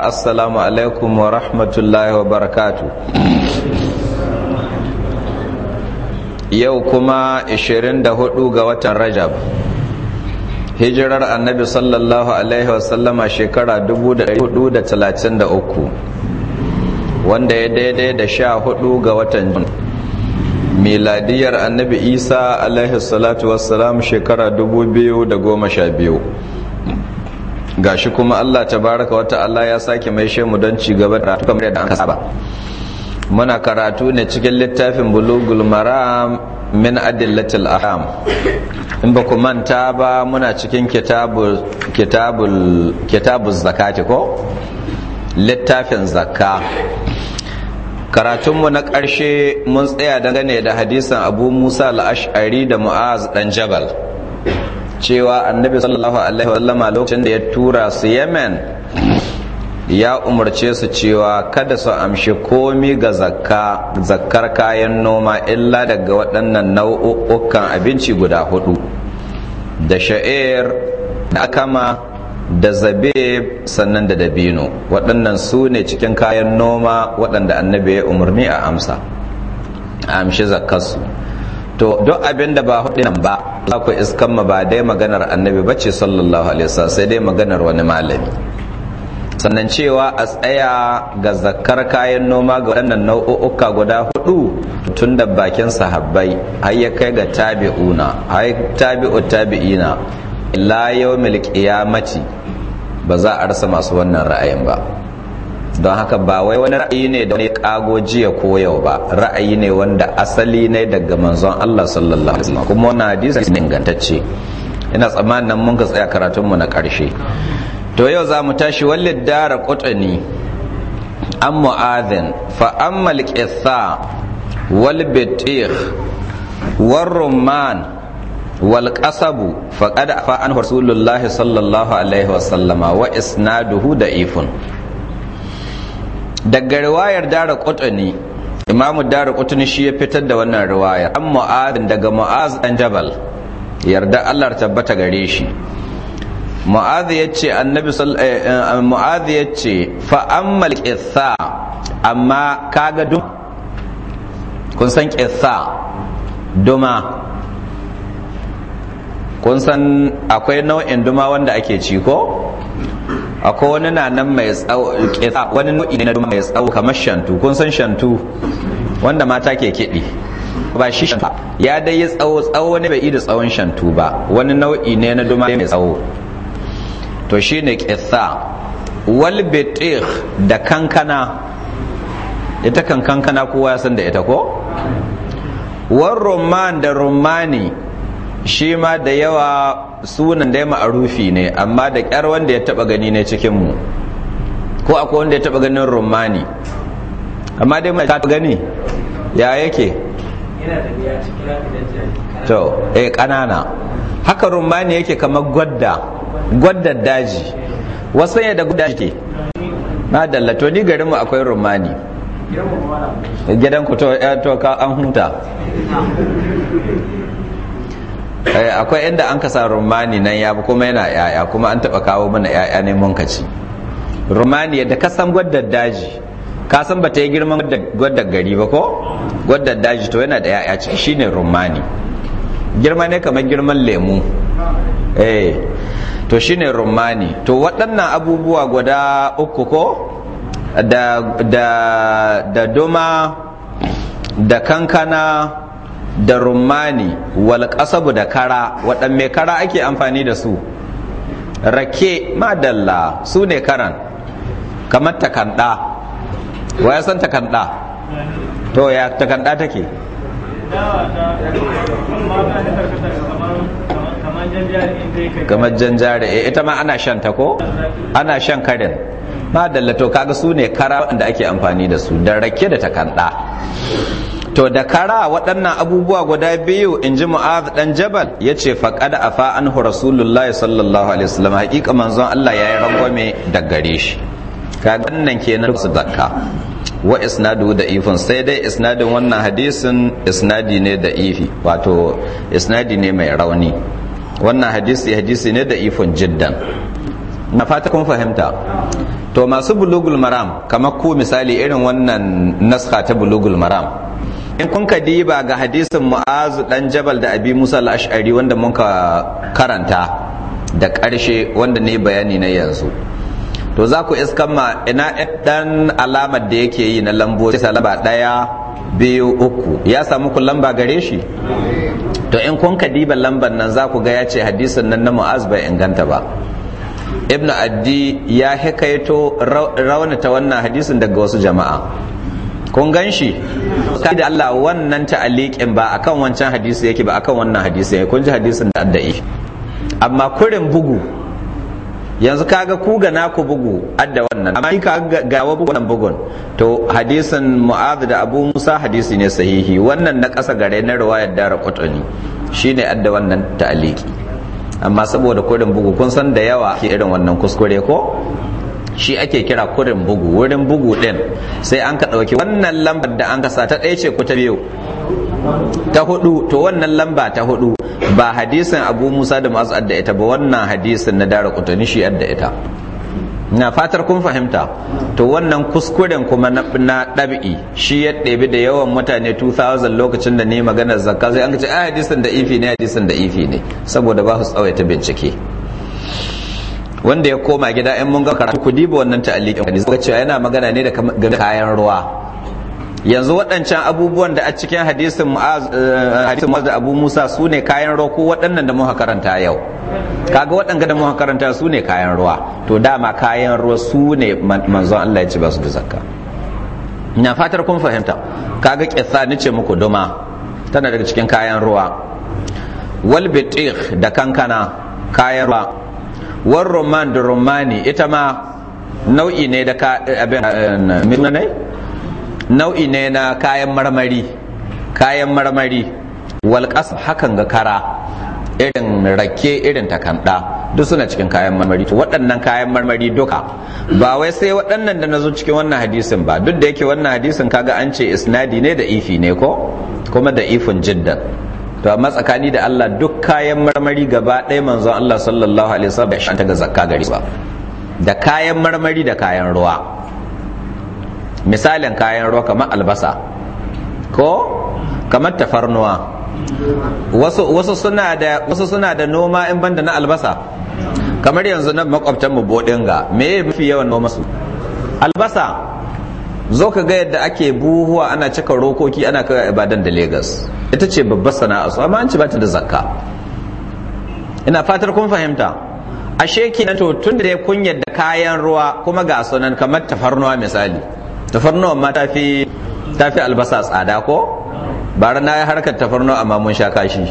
assalamu alaikum wa rahmatullahi wa barakatu yau kuma 24 ga watan rajab hijirar annabi sallallahu alaihi wasallama shekara 433 wanda ya daidai da sha hudu ga watan jini miladiyar annabi isa alaihi salatu wassalam shekara 2012 gashi kuma Allah ta baraka wata Allah ya sake mai mu don ci gaba da karatu kamar yadda an ba. muna karatu ne cikin littafin bulugul maram min adillatil aham in ba ku manta ba muna cikin kitabul kitabul zakati ko littafin zakka karatunmu na ƙarshe mun tsaya dangane da hadisan abu musa al ash'ari da mu'az dan jabal cewa annabi sallallahu alaihi wasallama lokacin da ya tura su yemen ya umarce su cewa kada su amshi komi ga zakka zakkar kayan noma illa daga waɗannan nau'ukan abinci guda hudu da sha'ir da akama da zabe sannan da dabino waɗannan su ne cikin kayan noma waɗanda annabi ya umarni a amsa a amshi zakkarsu to duk abin da ba hudu nan ba za ku iskan ba dai maganar annabi ba ce sallallahu alaihi wasallam sai dai maganar wani malami sannan cewa a tsaya ga zakar kayan noma ga waɗannan nau'uka guda hudu tun da bakin sahabbai har ya kai ga tabi'una har tabi'u tabi'ina la yawmil qiyamati ba za a rasa masu wannan ra'ayin ba don haka ba wai wani ra'ayi ne da wani kago jiya ko yau ba ra'ayi ne wanda asali ne daga manzon Allah sallallahu alaihi wasallam kuma wannan hadisi ne ingantacce ina tsammanin nan mun ga tsaya karatun mu na karshe to yau za mu tashi wallid dara qutani am mu'adhin fa ammal qissa wal bitikh war rumman wal qasabu faqad fa an rasulullahi sallallahu alaihi wasallama wa isnaduhu da'ifun daga riwayar dara kutuni imamu dara kutuni shi ya fitar da wannan riwaya an mu'azin daga mu'az dan jabal yarda Allah tabbata gare shi mu'az ya ce annabi eh, eh, mu'az ya ce fa ammal qissa amma kaga duk kun san qissa duma kun san akwai nau'in duma wanda ake ci ko akwai wani na nan mai tsawo wani nau'i na duma mai tsawo kamar shantu kun san shantu wanda mata ke kiɗi ba shi shantu ya dai yi tsawo tsawo ne bai da tsawon shantu ba wani nau'i ne na duma mai tsawo to shi ne ƙitha wal bitir da kankana ita kan kankana kowa ya san da ita ko war rumman da rummani shi ma da yawa sunan da ma'arufi ne amma da ƙyar wanda ya taba gani ne cikinmu, ko akwai wanda ya taba ganin rumani amma dai mai taba gani ya yake to eh kanana haka rumani yake kamar gwadda gwadda daji wasu ya da gwadda ke na dalla to ni garinmu akwai rumani gidan ku to eh, an huta ah. Eh, akwai inda an kasa rumani nan ya kuma yana yaya kuma an taba kawo mana yaya ne mun kaci rumani ka san gwaddar daji Ka san ba ta yi girman gwaddar gari ba ko gwaddar daji to yana da yaya ciki shine rumani girma ne kamar girman lemu eh to shine rumani to waɗannan abubuwa guda uku ko da da da doma da kankana da rumani wal kasabu da kara waɗanne mai kara ake amfani da su rake madalla su ne karan kamar takanda wa ya san takanda to ya takanda take kamar janjare eh, ita ma ana shan ta ko ana shan karin madalla to kaga su ne kara da ake amfani da su da rake da takanda to da kara waɗannan abubuwa guda biyu in ji mu'az dan jabal ya ce faƙada a fa'an rasulullah sallallahu alaihi wasallam haƙiƙa manzon allah ya yi rangwame da gare shi ga wannan kenan su zakka wa isnadu da ifin sai dai isnadin wannan hadisin isnadi ne da ifi wato isnadi ne mai rauni wannan hadisi hadisi ne da ifin jiddan na fata kun fahimta to masu bulugul maram kamar ku misali irin wannan naskha ta bulugul maram in kun ka diba ga hadisin mu'azu dan jabal da abi musa al-ash'ari wanda mun ka karanta da ƙarshe wanda ne bayani na yanzu to za ku iskan ma ina dan alamar da yake yi na sai salaba ɗaya biyu uku ya samu ku lamba gare shi to in kun ka diba lamban nan za ku ga ya ce hadisin nan na mu'az bai inganta ba ibnu addi ya hikaito raunata wannan hadisin daga wasu jama'a kun gan shi da Allah wannan ta'aliqin ba akan wancan hadisi yake ba akan wannan hadisi yake kun ji hadisin da addai amma kurin bugu yanzu kaga ku ga naku bugu adda wannan amma ka ga wa wannan bugun to hadisin mu'adh da abu musa hadisi ne sahihi wannan na ƙasa gare na riwayar dara Shi shine adda wannan ta'aliki amma saboda kurin bugu kun san da yawa ke irin wannan kuskure ko shi ake kira kurin bugu wurin bugu din sai an ka ɗauki wannan lambar da an ka sa ta ɗaya ce ku ta biyu ta hudu to wannan lamba ta hudu ba hadisin abu musa da masu adda ita ba wannan hadisin na dara kutani shi adda ita na fatar kun fahimta to wannan kuskuren kuma na ɗabi'i shi ya ɗebi da yawan mutane 2000 lokacin da ne maganar zakka sai an ce a ah, hadisin da ifi ne hadisin da ifi ne saboda ba su tsawaita bincike wanda ya koma gida in mun ga karatu ku diba wannan ta'alliqin hadisi ga cewa yana magana ne da kayan ruwa yanzu waɗancan abubuwan da a cikin eh, hadisin mu'az da abu musa su ne kayan ruwa ko waɗannan da muka karanta yau kaga waɗanga da muka karanta su ne kayan ruwa to dama kayan ruwa su ne manzon allah ya ci ba su da zakka Ina fatar kun fahimta kaga kissa ni ce muku duma tana daga cikin kayan ruwa wal da kankana kayan ruwa war roman da romani ita ma nau'i ne da nau'i ne na kayan marmari kayan marmari wal walƙas hakan ga kara irin rake irin takanda duk suna cikin kayan marmari waɗannan kayan marmari duka ba wai sai waɗannan da na zo cikin wannan hadisin ba duk da yake wannan hadisin kaga an ce isnadi ne da ifi ne ko kuma da ifin jiddan to amma tsakani da Allah duk kayan marmari gaba ɗaya manzon Allah sallallahu alaihi wasallam bai shanta ga zakka gari ba da kayan marmari da kayan ruwa misalin kayan ruwa kamar albasa ko kamar tafarnuwa wasu wasu suna da wasu suna da noma in banda na albasa kamar yanzu na makwabtan mu bodinga me mafi yawan noma su albasa zo ka ga yadda ake buhuwa ana cika rokoki ana kai ibadan da Legas ita ce babbar sana'a su amma an ci bata da zakka ina fatar kun fahimta ashe kenan to tun da ya kun yarda kayan ruwa kuma ga sunan kamar tafarnuwa misali tafarnuwa ma ta fi albasa tsada ko bara na yi harkar tafarnuwa amma mun sha kashi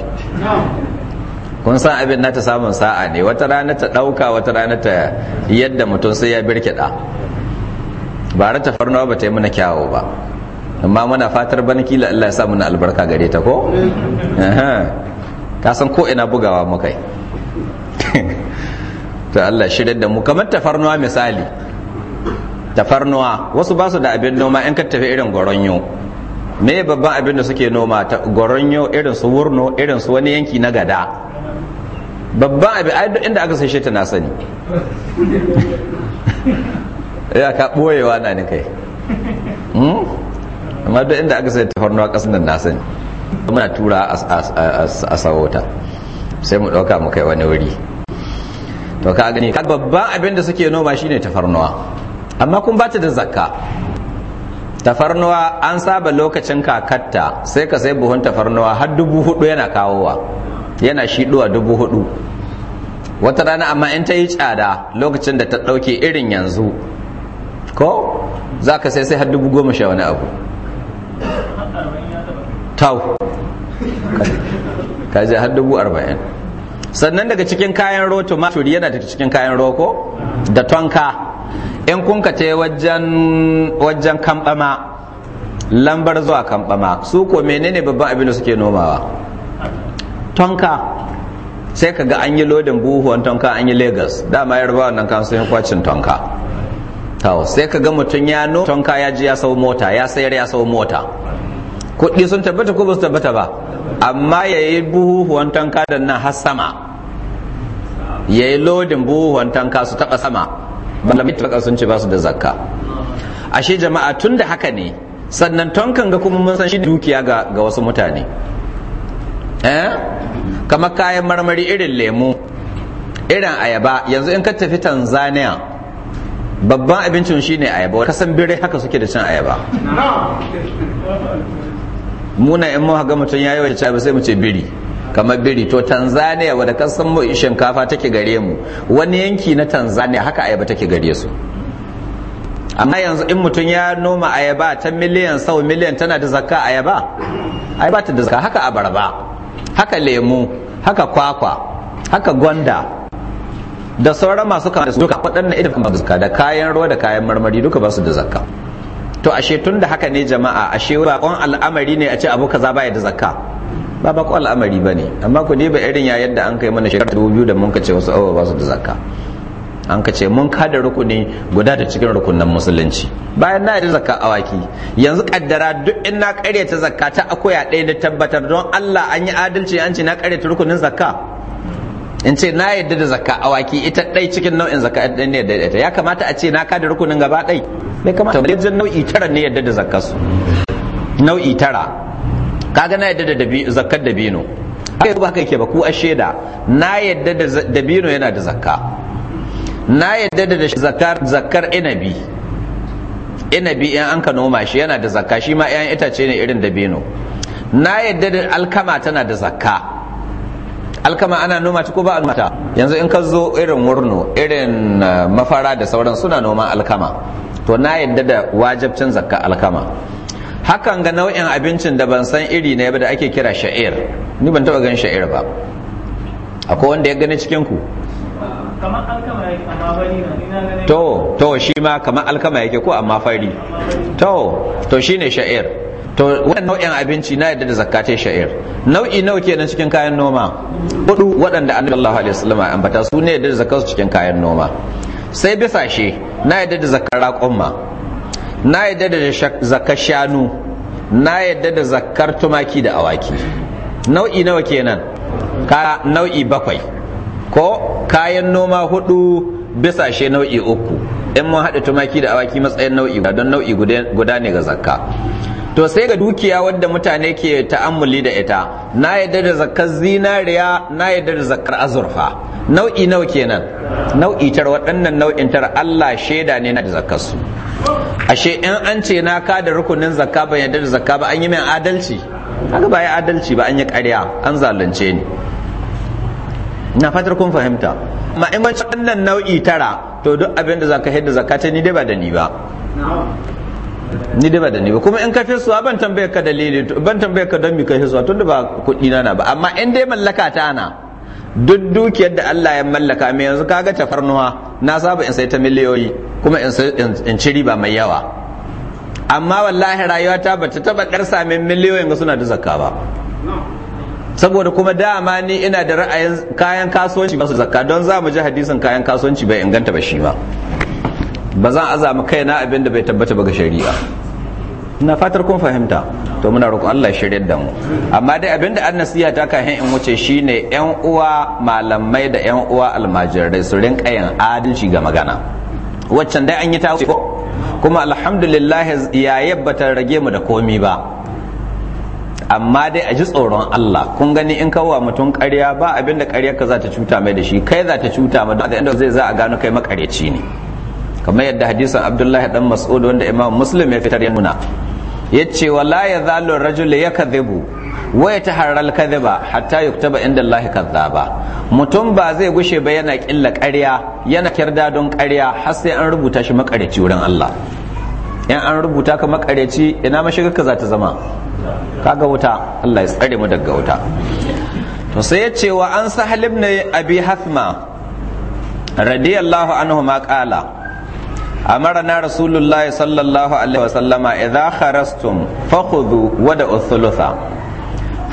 kun san abin na ta samun sa'a ne wata rana ta ɗauka wata rana ta yadda mutum sai ya birkiɗa ba ta tafarnuwa ba ta yi mana kyawo ba amma muna fatar bana kila Allah ya sa muna albarka gare ta ko ka san ko ina bugawa muka yi to Allah shirya da mu kamar tafarnuwa misali tafarnuwa wasu ba su da abin noma in ka tafi irin goronyo me babban abin da suke noma ta goronyo irin su wurno irin su wani yanki na gada babban abin inda aka sai ta na sani ya ka boyewa na ni kai hmm? amma duk inda aka sai tafarnuwa kasan nan na sani muna tura a sawota sai mu ɗauka mu kai wani wuri to ka gani ka babban abin da suke noma shine tafarnuwa amma kun ba ta da zakka tafarnuwa an saba lokacin kakatta sai ka sai buhun tafarnuwa har dubu hudu yana kawowa yana shiduwa dubu hudu wata rana amma in ta yi tsada lokacin da ta ɗauke irin yanzu ko za ka sai sai har dubu goma sha wani abu tau Ka je har dubu arba'in sannan daga cikin kayan roto tumatur yana daga cikin kayan roko. da tonka in kun ka ce wajen kambama lambar zuwa kambama su ko menene babban abin da suke nomawa tonka sai ka ga an yi lodin buhuwan tonka an yi lagos dama yarbawa nan kan sun kwacin tonka Tawo sai ka ga mutum ya no tonka ya ji ya sau mota ya sayar ya sau mota kuɗi sun tabbata ko ba su tabbata ba amma ya yi buhuhuwan tanka da nan har sama ya yi lodin buhuhuwan tanka su taɓa sama da taɓa sun ce ba su da zakka ashe jama'a tun da haka ne sannan tonkan ga kuma mun san shi dukiya ga wasu mutane eh kamar kayan marmari irin lemu irin ayaba yanzu in ka tafi tanzania babban abincin shi ne ayaba kasan birai haka suke da cin ayaba muna in mu ga mutum ya yawaita ayaba sai mu ce biri kamar biri to tanzania wadda kasan mu shinkafa take gare mu wani yanki na tanzania haka ayaba take gare su amma yanzu in mutum ya noma ayaba ta miliyan sau miliyan tana da zakka ayaba ayaba ta da zakka haka abarba haka lemu haka kwakwa haka gwanda da sauran masu kama da su duka waɗannan na ba zakka da kayan ruwa da kayan marmari duka ba su da zakka to ashe tun da haka ne jama'a ashe kon al'amari ne a ce abu kaza baya da zakka ba ba kon al'amari ba ne amma ku ne ba irin ya yadda an kai mana shekara dubu biyu da mun kace wasu abubuwa ba su da zakka an kace mun kada rukuni guda da cikin rukunan musulunci bayan na yi zakka awaki yanzu kaddara duk in na ta zakka ta akoya ɗaya da tabbatar don Allah an yi adalci an ce na ta rukunin zakka in ce na yadda da zakka waki ita ɗai cikin nau'in zakka ɗan ne da ita ya kamata a ce na kada rukunin gaba ɗai bai kamata ba yajin nau'i tara ne yadda da zakka su nau'i tara kaga na yadda da zakkar dabino haka ba kai ke ba ku a sheda na yadda da dabino yana da zakka na yadda da zakkar zakkar inabi inabi in an ka noma shi yana da zakka shi ma 'ya'yan itace ne irin dabino na yadda da alkama tana da zakka alkama ana noma ta ko ba a noma yanzu in ka zo irin murnu, irin eh, mafara da sauran suna noman alkama to na yadda da wajabcin zakka alkama hakan ga nau'in abincin da ban san iri ne yaba da ake kira sha'ir ni ban taba gan sha'ir ba akwai wanda ya gani cikin ku to to shi ma kamar alkama yake ko amma fari to to shine sha'ir to wannan nau'in abinci na yadda da zakatai sha'ir nau'i nawa kenan cikin kayan noma hudu waɗanda annabi sallallahu alaihi wasallam ya ambata su ne yadda da zakarsu cikin kayan noma sai bisashe na yadda da zakar raƙumma na yadda da zakar shanu na yadda da zakar tumaki da awaki nau'i nawa kenan ka nau'i bakwai ko kayan noma hudu bisashe nau'i uku in mun haɗa tumaki da awaki matsayin nau'i don nau'i guda ne ga zakka to sai ga dukiya wadda mutane ke ta'ammuli da ita na yadda da zakar zinariya na yadda da zakar azurfa nau'i nawa kenan nau'i tar waɗannan nau'in tar Allah shaida ne na da zakar su ashe in an ce na ka da rukunin zakka ban yadda da zakka ba an yi min adalci kaga ba ya adalci ba an yi ƙarya an zalunce ni na fatar kun fahimta ma in ban wannan nau'i tara to duk abin da zaka yadda zakka ni dai ba da ni ba ni da ba da ni ba kuma in ka suwa ban tambaye ka dalili ban tambaye ka don mi ka suwa tunda ba kuɗi na na ba amma in dai mallaka ta na duk dukiyar da Allah ya mallaka mai yanzu ga tafarnuwa na saba in sai ta miliyoyi kuma in ci riba mai yawa amma wallahi rayuwa ta bata taba karsa min miliyoyin ga suna da zakka ba saboda kuma dama ni ina da ra'ayin kayan kasuwanci ba su zakka don za mu ji hadisin kayan kasuwanci bai inganta ba shi ba ba zan azama kaina abin da bai tabbata ba ga shari'a ina fatar kun fahimta to muna roƙon Allah shiryar da mu amma dai abin da annasiya ta hin in wuce shine yan uwa malamai da yan uwa almajirai su rinka yin adalci ga magana waccan dai an yi ta kuma alhamdulillah ya yabbata rage mu da komi ba amma dai a ji tsoron Allah kun gani in kawo mutum karya ba abin da ƙaryar ka za ta cuta mai da shi kai za ta cuta ma da zai za a gano kai makareci ne kamar yadda hadisin abdullahi dan mas'ud wanda imam muslim ya fitar ya muna. ya ce wa la ya zalo rajul ya kadhibu wa ya taharral kadhiba hatta yuktaba inda Allah kadhaba mutum ba zai gushe ba yana killa ƙarya yana kirda don ƙarya har sai an rubuta shi makareci wurin Allah in an rubuta ka makareci ina mashigar ka za ta zama kaga wuta Allah ya tsare mu daga wuta to sai ya ce wa an sahalib ne abi hasma radiyallahu anhu ma qala A amarna rasulullahi sallallahu alaihi wasallama idza kharastum fakhudhu wa da uthulutha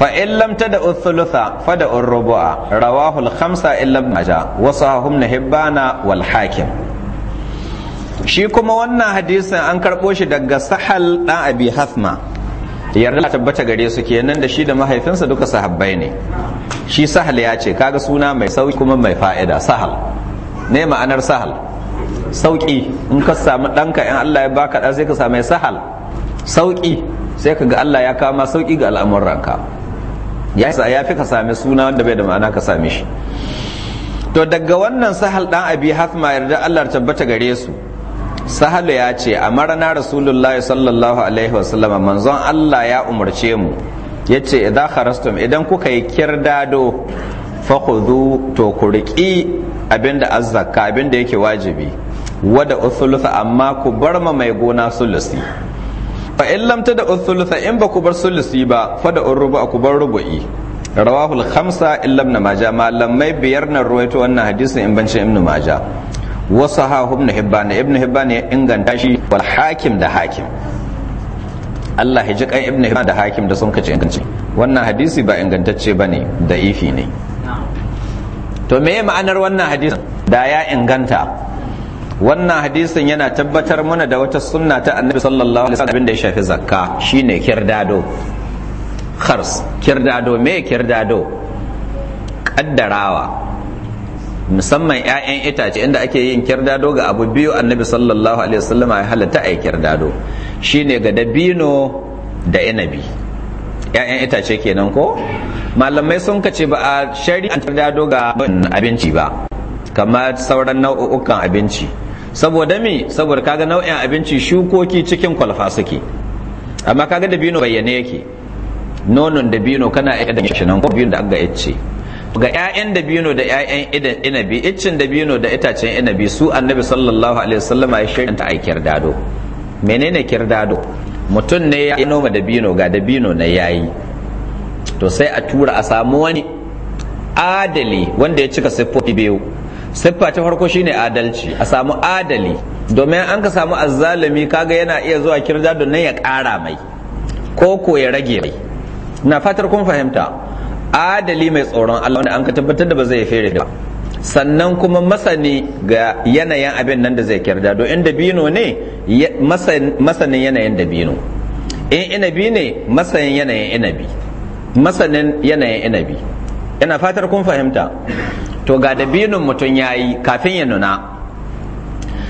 fa in lam tada uthulutha fa da urbu'a rawahu al-khamsa illa ibn majah wa sahahum hibbana wal hakim shi kuma wannan hadisin an karɓo shi daga sahal ɗan abi hasma yarda tabbata gare su kenan da shi da mahaifinsa duka sahabbai ne shi sahal ya ce kaga suna mai sauki kuma mai fa'ida sahal ne ma'anar sahal sauki in ka samu ɗanka in Allah ya baka ɗa sai ka samu sahal sauki sai ka ga Allah ya kama sauki ga al'amuranka ya ya fi ka sami suna wanda bai da ma'ana ka same shi to daga wannan sahal dan abi hafma yarda Allah tabbata gare su sahalu ya ce a marana rasulullahi sallallahu alaihi wasallam manzon Allah ya umarce mu ya ce idan kharastum idan kuka yi kirdado fakhudhu to ku riƙi abinda azzaka abinda yake wajibi wada usulusa amma ku bar ma mai gona sulusi fa in lam tada usulusa in ba ku bar sulusi ba fa da rubu ku bar rubu'i rawahu al-khamsa illa ibn majah malamai biyar na ruwaito wannan hadisin in bancin ibn majah wa sahahu ibn hibban ibn hibban ya inganta shi wal hakim da hakim Allah ya ji kan ibn hibban da hakim da sun kace inganci wannan hadisi ba ingantacce bane da ifi ne to me ma'anar wannan hadisin da ya inganta wannan hadisin yana tabbatar mana da wata sunna ta annabi sallallahu alaihi wasallam da ya shafi zakka shine kirdado khars kirdado me kirdado kaddarawa musamman 'ya'yan itace inda ake yin kirdado ga abu biyu annabi sallallahu alaihi wasallam ya halatta a kirdado shine ga dabino da inabi 'ya'yan itace kenan ko malamai sun kace ba a shari'antar kirdado ga abinci ba kamar sauran nau'ukan abinci saboda me saboda kaga nau'in abinci shukoki cikin kwalfa suke amma kaga dabino bayyane yake nonon dabino kana aika da shi nan ko da aka yace ga 'ya'yan dabino da ƴaƴan idan inabi iccin dabino da itacen inabi su annabi sallallahu alaihi wasallam ya shirya a dado menene kirdado mutum ne ya noma dabino ga dabino na yayi to sai a tura a samu wani adali wanda ya cika siffofi biyu siffa ta farko shine adalci a samu adali domin an ka samu azzalumi kaga yana iya zuwa kirja don nan ya ƙara mai ko ko ya rage mai na fatar kun fahimta adali mai tsoron Allah wanda an ka tabbatar da ba zai fere ba sannan kuma masani ga yanayin abin nan da zai kirja don inda dabino ne masanin yanayin dabino in inabi ne masanin yanayin inabi masanin yanayin inabi ina fatar kun fahimta to ga dabinun mutum ya yi kafin ya nuna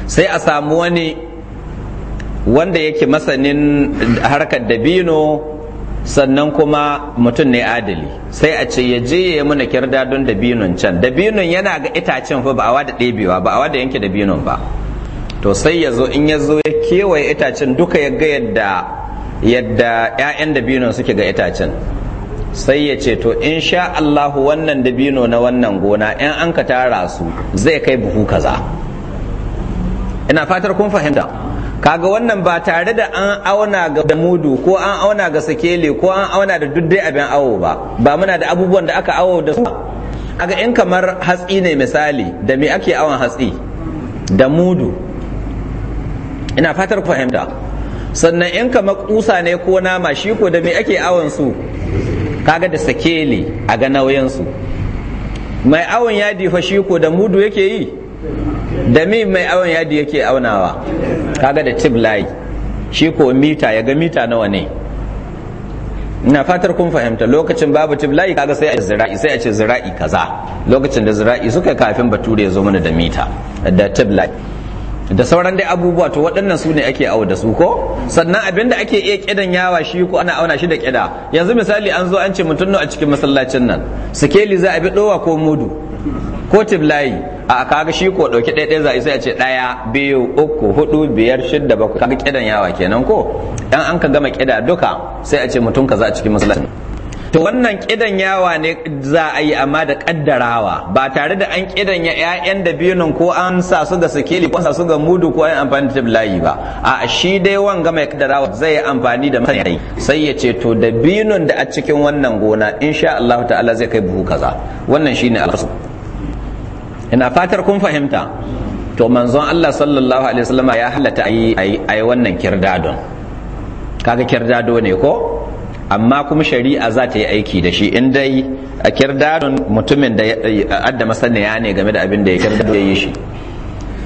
sai a samu wani wanda yake masanin harkar dabino sannan kuma mutum ne adali sai a ce ya je ya muna kirda don dabinun can dabinun yana ga itacen fa ba a wada ɗebewa ba a wada yanke dabinun ba to sai ya zo in ya zo ya kewaye itacen duka ya ga yadda yadda 'ya'yan dabinun suke ga itacen sai ya ce to in sha Allahu wannan dabino na wannan gona in an ka tara su zai kai buhu kaza ina fatar kun fahimta kaga wannan ba tare da an auna ga mudu ko an auna ga sakele ko an auna da duk dai abin awo ba ba muna da abubuwan da aka awo da su aga in kamar hatsi ne misali da me ake awon hatsi da mudu ina fatar fahimta sannan in kamar kusa ne ko nama shi ko da me ake awon su kaga da sakeli a ga nauyinsu mai awon yadi fa ko da mudu yake yi da mi mai awon yadi yake aunawa kaga da tip layi shi ko mita ya ga mita nawa ne ina fatar kun fahimta lokacin babu tip layi kaga sai a zira'i sai a ce zira'i kaza lokacin da zira'i suka kafin bature ya zo mana da mita da tip layi da sauran dai abubuwa to waɗannan su ne ake awo da su ko sannan abin da ake iya kidan yawa shi ko ana auna shi da kida yanzu misali an zo an ce mutum a cikin masallacin nan sikeli za a bi dowa ko mudu ko tiblayi a kaga shi ko dauki ɗaya ɗaya za a a ce ɗaya biyu uku hudu biyar shidda bakwai kaga kidan yawa kenan ko dan an ka gama kida duka sai a ce mutum kaza a cikin masallacin to wannan kidan yawa ne za a yi amma da kaddarawa ba tare da an kidan ya ƴaƴan da biyun ko an sa su ga sikeli ko sa su ga mudu ko an amfani da layi ba a shi dai wanga mai kaddarawa zai yi amfani da masani sai ya ce to da da a cikin wannan gona insha Allah ta'ala zai kai buhu kaza wannan shine alfasu ina fatar kun fahimta to manzon Allah sallallahu alaihi wasallam ya halatta ayi ayi wannan kirdadon kaga kirdado ne ko amma kuma shari'a za ta yi aiki da shi in dai a kirdadun mutumin da adda ya ne game da abin da ya kirda ya yi shi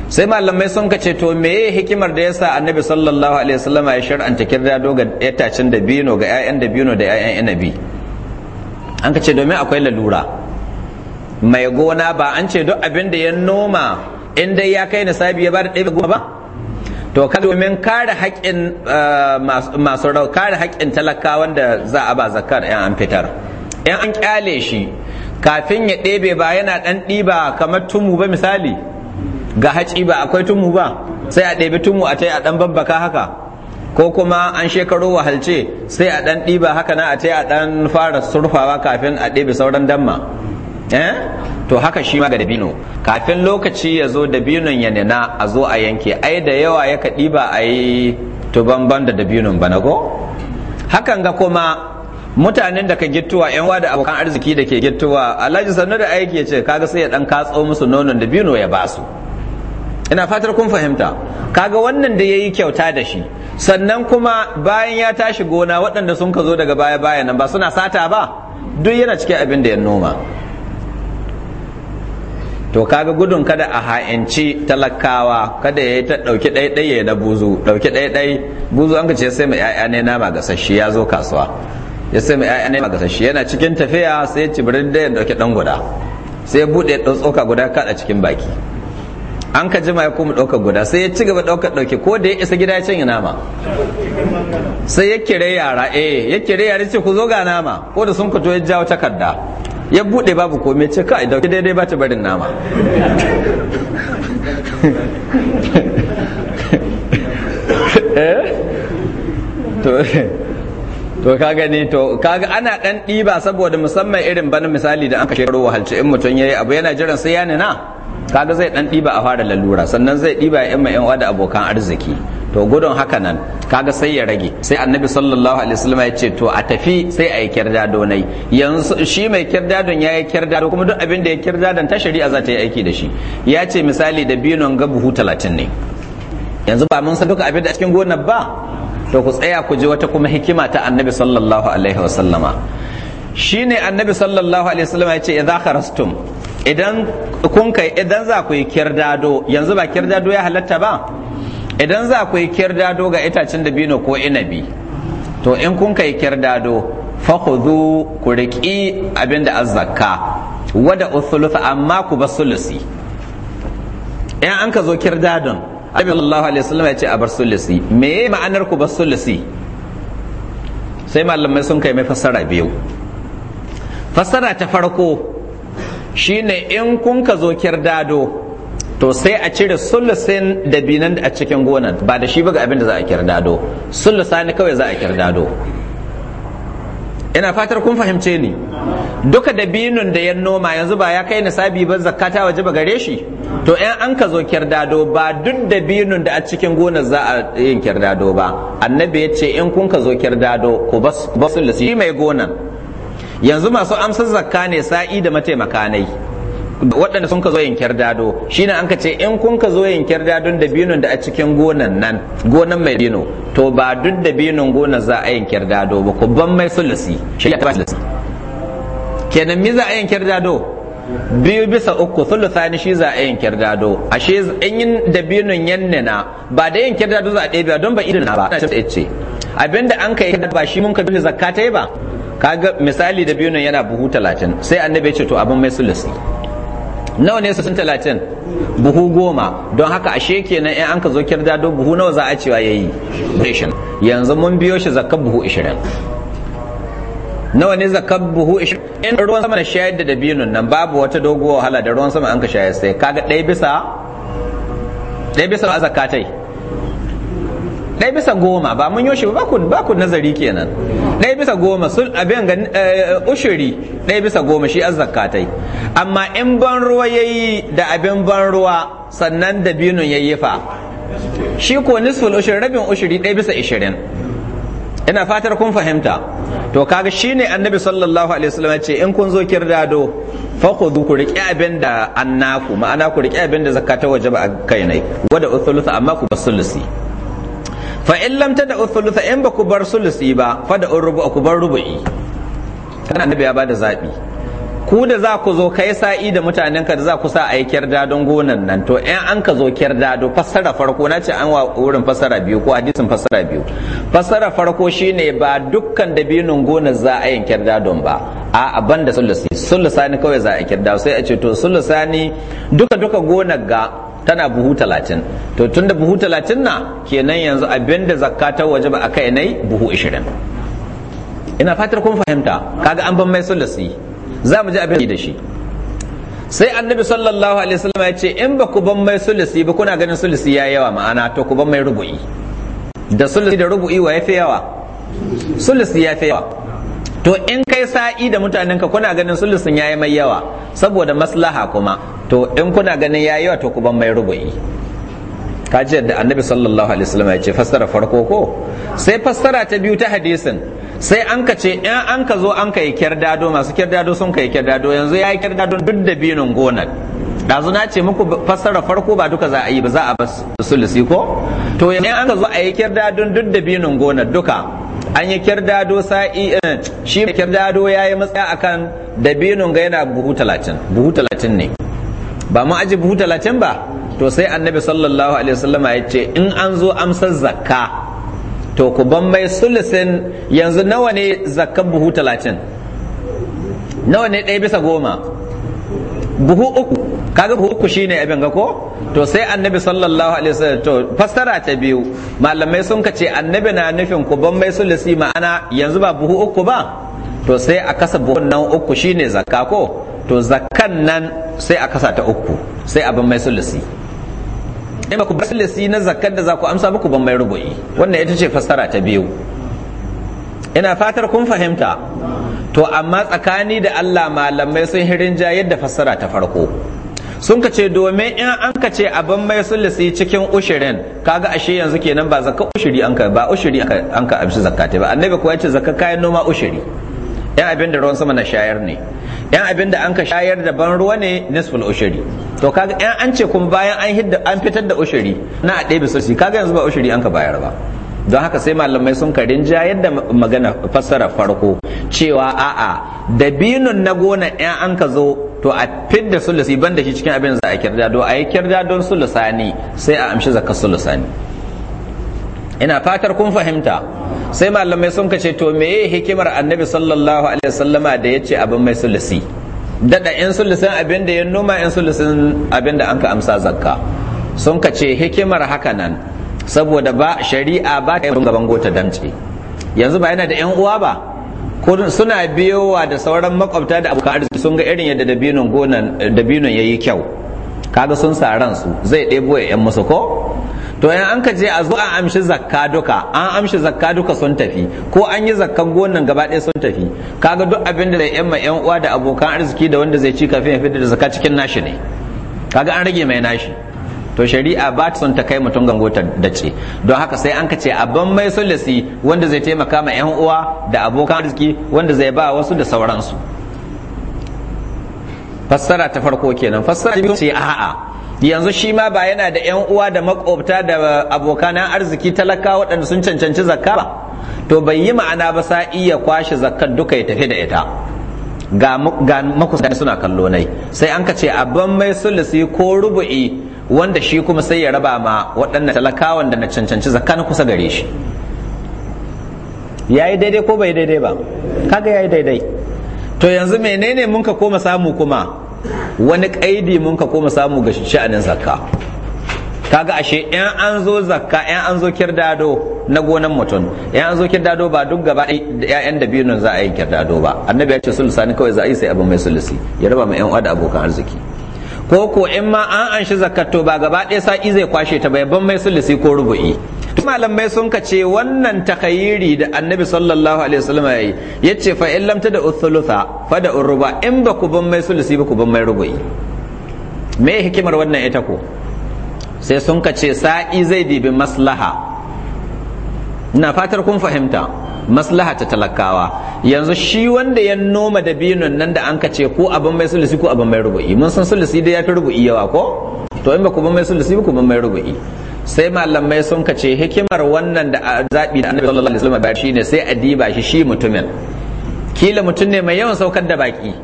sai malamai sun ka ce to meye hikimar da ya sa annabi sallallahu alaihi wasallam ya shar'anta kirdado ga yatacin da bino ga 'ya'yan da bino da ƴaƴan inabi an ka domin akwai lalura mai gona ba an ce duk abin da ya noma in dai ya kai nisabi ya ba da ɗaya goma ba to ka domin kare haƙƙin eh, masu rau kare haƙƙin talaka da za a ba zakar yan an fitar yan an kyale shi kafin ya ɗebe ba yana ɗan ɗiba kamar tumu ba misali ga haci ba akwai tumu ba sai a ɗebi tumu a tai a ɗan babbaka haka ko kuma an shekaro wahalce sai a ɗan ɗiba haka na a tai a ɗan fara surfawa kafin a ɗebe sauran damma Eh? to haka shi ma ga dabino kafin lokaci ya zo dabinon ya nina a zo a yanke ai da yawa ya kaɗi ba a yi tubanban da dabinon ba na hakan ga kuma mutanen da ka gittuwa yan da abokan arziki da ke gittuwa alhaji sannu da aiki ya ce kaga sai ya dan katso musu nonon dabino ya basu ina fatar kun fahimta kaga wannan da yayi kyauta da shi sannan kuma bayan ya tashi gona waɗanda sun ka zo daga baya baya nan ba suna sata ba duk yana cikin abin da ya noma to kaga gudun kada a ha'inci talakawa kada ya ta dauki ɗaiɗai ya na buzu dauki ɗaiɗai buzu an kace sai mai ƴaƴa ne nama gasashi ya zo kasuwa ya sai mai ƴaƴa ne nama gasashi yana cikin tafiya sai cibirin da ya dauki ɗan guda sai ya buɗe ɗan tsoka guda kaɗa cikin baki an ka jima ya kuma ɗaukar guda sai ya ci gaba ɗaukar ɗauke ko da ya isa gida ya cin nama sai ya kire yara eh ya kire yara ce ku zo ga nama ko da sun fito ya jawo takarda ya buɗe babu komai ce kai dauki daidai ba ta barin nama eh? to ka gani to kaga ana dan ɗiba saboda musamman irin bana misali da an ka shekaru wahalci in mutum ya yi abu yana jiran sai ya na? kaga zai dan ɗiba a fara lalura sannan zai ɗiba ya ma yan da abokan arziki to gudun haka nan kaga sai ya rage sai annabi sallallahu alaihi wasallam ya ce to a tafi sai a yi kirda donai yanzu shi mai don ya yi kirdado kuma duk abin da ya kirdadon ta shari'a za ta yi aiki da shi ya ce misali da binon ga buhu talatin ne yanzu ba mun san duka abin da a cikin gonar ba to ku tsaya ku ji wata kuma hikima ta annabi sallallahu alaihi wasallama shine annabi sallallahu alaihi wasallama ya ce idza kharastum idan kun kai idan za ku yi kirdado yanzu ba kirdado ya halatta ba idan za ku yi kirdado ga itacen dabino ko inabi to in kun kai kirdado fakhudhu ku riki abinda azzakka wada uthuluth amma ku ba sulusi in an ka zo kirdadon abin sallallahu alaihi wasallam ya ce a bar sulusi me ma'anar ku bar sulusi sai malamai sun kai mai fassara biyu Fasara ta farko shine in kun ka zo kirdado to sai a cire sulusin dabinan a cikin gonan ba da shi ba ga abin da za a kirdado sulusa ne kawai za a kirdado ina fatar kun fahimce ni duka binun da ya noma yanzu ba ya kai nisabi ba zakata waje ba gare shi to in an ka zo kirdado ba duk binun da a cikin gonar za a yin kirdado ba annabi ya ce in kun ka zo kirdado ku basu lisi mai gonan yanzu masu amsar zakka ne sa'i da mataimakanai waɗanda sun ka zo yankar dado shi ne an ka ce in kun ka zo yankar dadon dabinon da a cikin gonan nan gonan mai dino to ba duk dabinon gonan za a yankar dado ba ku ban mai sulusi shi ya sulusi kenan mi za a yankar dado biyu bisa uku sulusani shi za a yankar dado ashe in yin dabinon na ba da yankar dado za a ɗebe don ba idina ba abinda an ka yi ba shi mun ka bi zakka ta ba kaga misali da biyu yana buhu talatin sai annabi ya ce to abin mai sulusi. nawa ne sun talatin buhu goma don haka ashe kenan in an ka zo do buhu nawa za a cewa ya yi yanzu mun biyo shi zakar buhu ishirin nawa ne zakar buhu ishirin in ruwan sama na shayar da dabinun nan babu wata doguwa wahala da ruwan sama an ka shayar sai kaga ɗaya bisa ɗaya bisa a zakatai ɗaya bisa goma ba mun yoshi ba ba ku nazari kenan ɗaya bisa goma sun abin ga eh, ushiri ɗaya bisa goma shi zakatai. amma in ban ruwa yayi da abin ban ruwa sannan da binun yayi fa shi ko nisful ushuri rabin ushiri ɗaya bisa ishirin ina fatar kun fahimta to kaga shine annabi sallallahu alaihi wasallam ce in kun zo kirdado fa ku ku riƙe abin da annaku ma'ana ku riƙe abin da zakata wajaba a kai ne wada uthuluth amma ku basulusi fa in lam tada uthulutha in ba ku bar sulusi ba fa da rubu ku bar rubu'i kana annabi ya bada zabi ku da za ku zo kai sa'i da mutanen ka da za ku sa a yi kyardadon gonan nan to in an ka zo kyardado fassara farko na ce an wa wurin fassara biyu ko hadisin fassara biyu fassara farko shine ba dukkan dabinin gonar za a yi kyardadon ba a abanda sulusi sulusani kawai za a yi kyardado sai a ce to sulusani duka duka gonar ga tana buhu talatin to tun da buhu talatin na kenan yanzu abin da zakka ta waje ba a kai buhu ishirin ina fatar kun fahimta kaga an ban mai sulasi za mu ji abin da shi sai annabi sallallahu alaihi wasallam ya ce in ba ku ban mai sulasi ba kuna ganin sulasi ya yawa ma'ana to ku ban mai rubu'i da sulasi da rubu'i wa yafi yawa sulasi ya fi yawa to in kai sa'i da ka kuna ganin sulusin yayi mai yawa saboda maslaha kuma to in kuna ganin yayi wato ku ban mai rubu'i ka ji yadda annabi sallallahu alaihi wasallam ya ce fassara farko ko sai fassara ta biyu ta hadisin sai an ka ce in an ka zo an ka yi kirdado masu kirdado sun ka yi kirdado yanzu ya kirdado duk da binin gonar ɗazu na ce muku fassara farko ba duka za a yi ba za a ba sulusi ko to in an ka zo a yi kirdado duk da binin gonar duka an yi kirdado sa'i eh, shi kirdado ya yi matsaya akan da binin ga yana buhu talatin buhu talatin ne ba mu aji buhu talatin ba to sai annabi sallallahu alaihi wasallama ya ce in an zo amsar zakka to ku ban mai sulusin yanzu nawa ne zakkan buhu talatin nawa ne ɗaya bisa goma buhu uku kaga buhu uku shine abin ga ko to sai annabi sallallahu alaihi wasallam to fassara ta biyu malamai sun kace annabi na nufin ku ban mai sulusi ma'ana yanzu ba buhu uku ba to sai a kasa buhun nan uku shine zakka ko to zakkan nan sai a kasa ta uku sai abin mai sulusi in ba ku bar sulusi na zakar da za ku amsa muku ban mai rubu'i wannan ita ce fassara ta biyu ina fatar kun fahimta to amma tsakani da Allah malamai sun hirin ja yadda fassara ta farko sun ka ce domin in an ka ce abin mai sulusi cikin ushirin kaga ashe yanzu kenan ba zakka ushiri an ka ba ushiri an ka amshi zakka ba annabi kuwa ya ce zakka kayan noma ushiri yan abin da ruwan sama na shayar ne yan abin da an ka shayar da ban ruwa ne nisful ushuri to kaga yan an ce kuma bayan an hidda an fitar da ushuri na a ɗebe sosai kaga yanzu ba ushuri an ka bayar ba don haka sai malamai sun karin ja yadda magana fassara farko cewa a'a binun na gona yan an ka zo to a fidda sulusi banda da shi cikin abin za a kirda do a yi kirda don ne sai a amshi zakar ne ina fatar kun fahimta sai malamai sun kace to meye hikimar annabi sallallahu alaihi wasallama da yace abin mai sulusi dada in sulusin abin da ya noma in sulusin abin da anka amsa zakka sun kace hikimar haka nan saboda ba shari'a ba ta gaban gota dance yanzu ba yana da yan uwa ba suna biyowa da sauran makwabta da abokan arziki sun ga irin yadda dabinon gonan dabinon yayi kyau kaga sun sa ransu zai ɗebo ya yan musu ko to in an ka je a zo an amshi zakka duka an amshi zakka duka sun tafi ko an yi zakkan gonan gaba ɗaya sun tafi kaga duk abin da yan ma yan uwa da abokan arziki da wanda zai ci kafin ya fitar da zakka cikin nashi ne kaga an rage mai nashi to shari'a ba ta son ta kai mutum gango ta dace don haka sai an ka ce kace ban mai sulasi wanda zai taimaka ma yan uwa da abokan arziki wanda zai ba wasu da sauransu fassara ta farko kenan fassara ta biyu ce a'a yanzu shi ma ba yana da yan uwa da makwabta da abokanan arziki talaka waɗanda sun cancanci zakka ba to bai yi ma'ana ba sa iya kwashe zakkar duka ya tafi da ita ga makusanta suna kallo nai sai an ka ce abin mai sulusi ko rubu'i wanda shi kuma sai ya raba ma waɗannan talakawan da na cancanci zakka na kusa gare shi ya yi daidai ko bai daidai ba kaga ya yi daidai to yanzu menene mun ka koma samu kuma wani kaidi mun ka koma samu ga sha'anin zakka Ka ga ashe yan an zo zakka yan an zo kirdado na gonan mutum yan an zo kirdado ba duk gaba da ƴaƴan dabinun za a yi kirdado ba annabi ya ce sulusani kawai za a yi sai abu mai sulusi ya raba ma yan uwa da abokan arziki ko ko in ma an anshi zakkato ba gaba ɗaya sa'i zai kwashe ta bai ban mai sulusi ko rubu'i malamai sun ka ce wannan takayiri da annabi sallallahu alaihi wasallam yayi yace fa illam lam tada uthulutha fa da urba in ba ku ban mai sulusi ba ku ban mai rubai me hikimar wannan ita ko sai sun ka ce sa'i zai dibi maslaha ina fatar kun fahimta maslaha ta talakawa yanzu shi wanda ya noma binun nan da an ka ce ko abin mai sulusi ko abin mai rubai mun san sulusi da ya fi rubu'i yawa ko to in ba ku ban mai sulusi ba ku ban mai rubai sai malamai sun kace hikimar wannan da zaɓi da annabi sallallahu alaihi wasallam shi ne sai a diba shi shi mutumin kila mutum ne mai yawan saukar da baki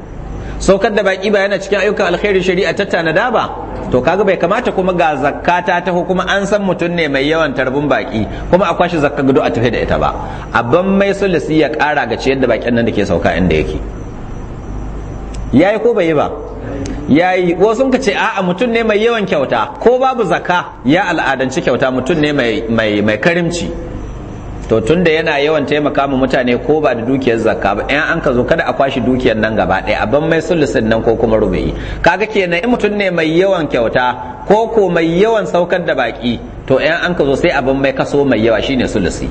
saukar da baki ba yana cikin ayyukan alkhairi shari'a ta da ba to kaga bai kamata kuma ga zakka ta taho kuma an san mutum ne mai yawan tarbin baki kuma a kwashe zakka gado a tafi da ita ba abban mai sulisi ya kara ga ciyar da bakin nan da ke sauka inda yake yayi ko bai yi ba yayi wasu ka ce a'a mutum ne mai yawan kyauta ko babu zaka ya al'adanci kyauta mutum ne mai mai karimci to tunda yana yawan taimaka mu mutane ko ba da dukiyar zakka ba in an ka zo kada a kwashi dukiyar nan gaba ɗaya abin mai sulusin nan ko kuma rubai kaga kenan in mutum ne mai yawan kyauta ko ko mai yawan saukar da baki to in an ka zo sai abin mai kaso mai yawa shine sulusi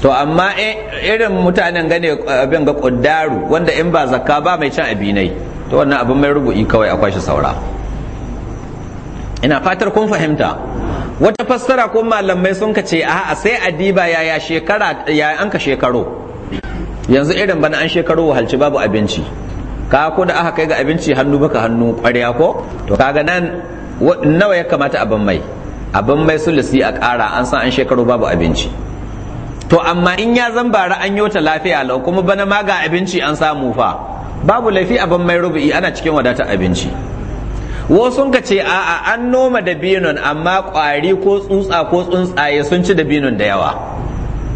to amma eh, irin mutanen gane abin ga kuddaru wanda in ba zakka ba mai cin abinai to wannan abin mai rubu'i kawai akwai shi saura ina fatar kun fahimta wata fassara ko malamai sun ka ce a sai adiba ya shekara ya an ka shekaro yanzu irin bana an shekaro wahalci babu abinci ka ko da aka kai ga abinci hannu baka hannu ƙwarya ko to kaga nan nawa ya kamata abin mai abin mai sulusi a ƙara an san an shekaro babu abinci to amma in ya zan bara an yota lafiya lau kuma bana ma ga abinci an samu fa babu laifi abin mai rubu'i ana cikin wadatar abinci wasu kace ce a'a an noma dabinon amma kwari ko tsutsa ko tsuntsaye sun ci binon da yawa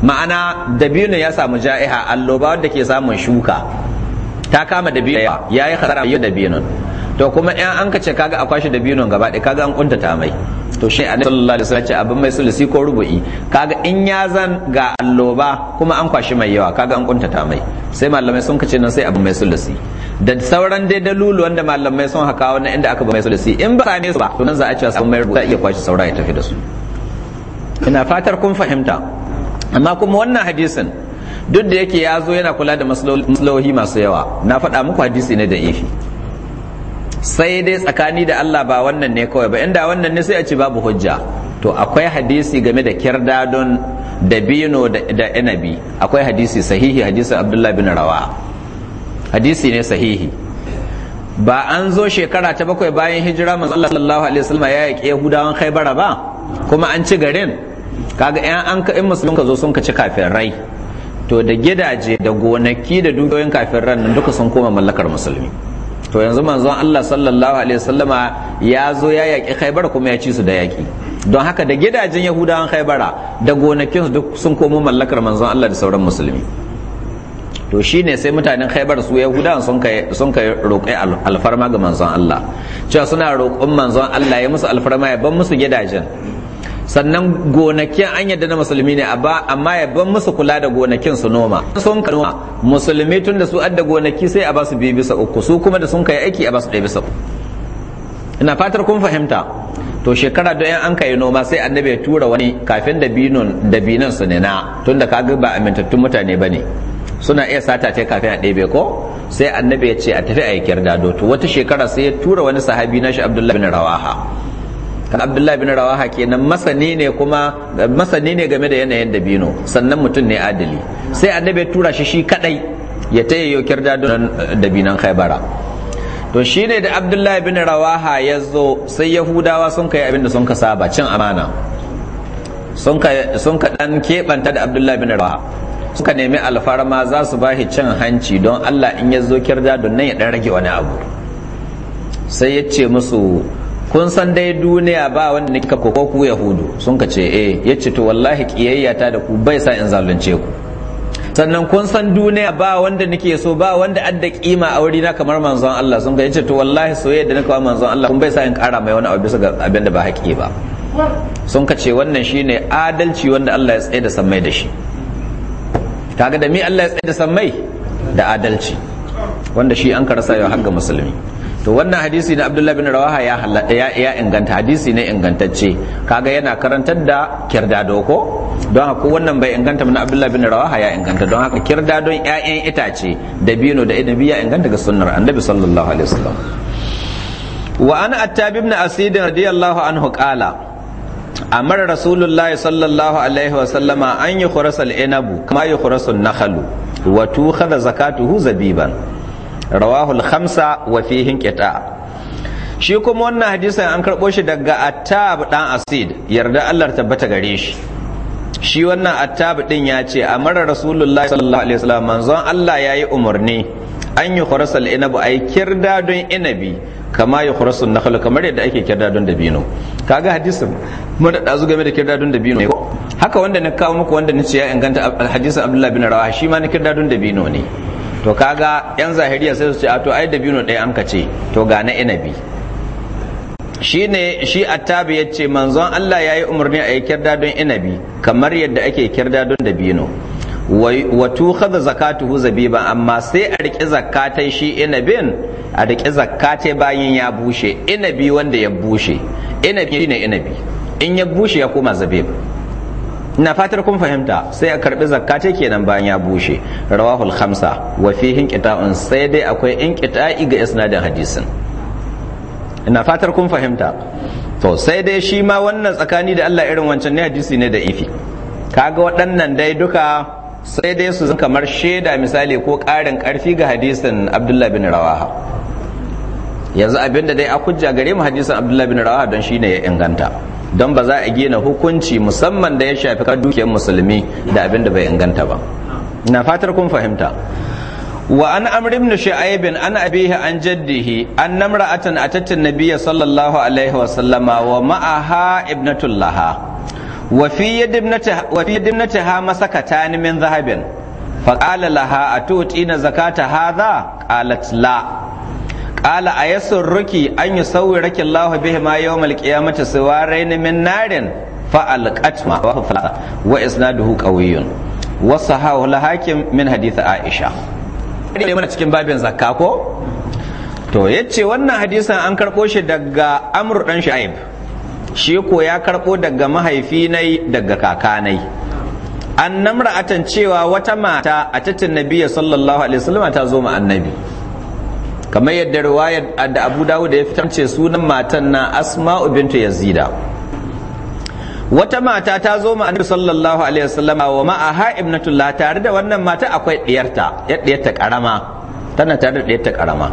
ma'ana binon ya samu ja'iha alloba wadda ke samun shuka ta kama da yawa ya yi hasara dabinon to kuma yan an kace kaga a kwashe binon gaba ɗaya kaga an kuntata mai to shi annabi sallallahu alaihi wasallam ce abin mai sulusi ko rubu'i kaga in ya zan ga alloba kuma an kwashi mai yawa kaga an kuntata mai sai malamai sun kace nan sai abin mai sulusi da sauran dai dalulu wanda malamai sun haka wannan inda aka ba mai sulusi in ba same su ba to nan za a ce sun mai rubuta iya kwashi saura ya tafi da su ina fatar kun fahimta amma kuma wannan hadisin duk da yake ya zo yana kula da maslahohi masu yawa na faɗa muku hadisi ne da ifi sai dai tsakani da Allah ba wannan ne kawai ba inda wannan ne sai a ce babu hujja to akwai hadisi game da kirdadon da bino da inabi akwai hadisi sahihi hadisi abdullahi bin rawa hadisi ne sahihi ba an zo shekara ta bakwai bayan hijira masu Allah sallallahu alaihi wasallam ya yaƙi Yahudawan Khaibara ba kuma an ci garin kaga yan an ka in musulun ka zo sun ka ci kafin rai? to da gidaje da gonaki da dukiyoyin ran nan duka sun koma mallakar musulmi to yanzu manzon Allah sallallahu alaihi wasallama ya zo ya yaƙi Khaibar kuma ya ci su da yaƙi don haka da gidajen Yahudawan Khaibara da gonakin duk sun komo mallakar manzon Allah da sauran musulmi to shine sai mutanen Khaibar su Yahudawan sun kai sun kai roƙe alfarma ga manzon Allah cewa suna roƙon manzon Allah ya musu alfarma ya ban musu gidajen sannan gonakin an yadda na musulmi ne amma ya ban musu kula da gonakin su noma sun ka noma musulmi tun da su adda gonaki sai a basu biyu bisa uku su kuma da sun kai aiki a basu ɗaya bisa uku ina fatar kun fahimta to shekara yan an kai noma sai annabi ya tura wani kafin da binon da binan su ne na tun da kaga ba amintattun mutane ba ne suna iya sata ce kafin a ɗebe ko sai annabi ya ce a tafi a yi kirda to wata shekara sai ya tura wani sahabi na shi abdullahi bin rawaha abdullahi bin rawaha kenan masani ne kuma masani ne game da yanayin dabino sannan mutum ne adali sai annabi ya tura shi shi kadai ya taya yokar da dabinan khaybara to shi ne da abdullahi bin rawaha ya zo sai yahudawa sun kai abin da sun ka saba cin amana sun ka dan keɓanta da abdullahi bin rawaha suka nemi alfarma za su bashi cin hanci don allah in ya zo kirda don nan ya dan rage wani abu sai ya ce musu kun san dai duniya ba wanda nika koko ku yahudu sun ka ce eh ce to wallahi kiyayyata da ku bai sa in zalunce ku sannan kun san duniya ba wanda nike so ba wanda adda kima a wuri na kamar manzon Allah sun ka ce to wallahi soyayya da nika wa manzon Allah kun bai sa in kara mai wani abu bisa ga abin da ba haƙi ba sun ka ce wannan shine adalci wanda Allah ya tsaye da sammai da shi kaga da mi Allah ya tsaye da sammai da adalci wanda shi an ka rasa yau har ga musulmi to wannan hadisi na abdullahi bin rawaha ya ya inganta hadisi ne ingantacce kaga yana karantar da kirdado ko don haka wannan bai inganta mana abdullahi bin rawaha ya inganta don haka kirdadon ƴaƴan itace da bino da idan ya inganta ga sunnar annabi sallallahu alaihi wasallam wa ana attab ibn asid radiyallahu anhu qala amara rasulullahi sallallahu alaihi wa an yi khurasal inabu kama yi khurasun nakhalu wa tu khada zakatuhu zabiban rawahul khamsa wa fihin qita shi kuma wannan hadisin an karbo shi daga attab dan asid yarda Allah tabbata gare shi shi wannan attab din ya ce amara rasulullahi sallallahu alaihi wasallam manzon Allah yayi umarni an yi khursal inabu ay kirda don inabi kama ya khurasun nakhl kamar yadda ake kirda don dabino kaga hadisin mun da dazu game da kirda don dabino haka wanda na kawo muku wanda nace ya inganta hadisin Abdullahi bin rawah shi ma na kirda don dabino ne to kaga yan zahiriya sai su ce a to ai dabino ɗaya an ka ce to ga na inabi shi ne shi attabi ya ce manzon Allah ya yi umarni a yi kyarda don inabi kamar yadda ake kyarda don dabino wato kada zakatuhu zabiba amma sai a riƙi zakatai shi inabin a riƙi zakatai bayan ya bushe inabi wanda ya bushe inabi shine inabi in ya bushe ya koma zabiba ina fatar kun fahimta sai a karbi zakka ce kenan bayan ya bushe rawahul khamsa wa fihi inqita'un sai dai akwai inqita'i ga isnadin hadisin ina fatar kun fahimta to sai dai shi ma wannan tsakani da Allah irin wancan ne hadisi ne da ifi kaga waɗannan dai duka sai dai su kamar shaida misali ko ƙarin ƙarfi ga hadisin Abdullah bin Rawaha yanzu abinda dai a kujja gare mu hadisin Abdullah bin Rawaha don shine ya inganta don ba za a gina hukunci musamman da ya shafi kan dukiyar musulmi da abin da bai inganta ba na fatar kun fahimta wa an amr ibn shu'aib an abihi an jaddihi an atan atat an-nabiyya sallallahu alaihi wa sallama wa ma'aha ibnatullah wa fi yadi ibnatiha wa fi yadi ibnatiha masakatan min zahabin فقال a أتوتين زكاة هذا قالت لا a qala Ruki, an yusawwiraki Lahu bihi ma yawmal qiyamati siwarain min narin faal alqatma wa fa wa isnaduhu qawiyyun wa sahahu al-hakim min hadith Aisha dai mana cikin babin zakka ko to yace wannan hadisin an karbo shi daga Amur ɗan Shu'aib shi ko ya karbo daga mahaifi nai daga kakanai an namra'atan cewa wata mata a tatin nabiya sallallahu alaihi wasallam ta zo ma annabi kamar yadda riwayar da abu dawud ya fitar ce sunan matan na asma'u bintu yazida wata mata ta zo ma annabi sallallahu alaihi wasallam wa ma'aha ibnatullah tare da wannan mata akwai diyarta diyarta karama tana tare da diyarta karama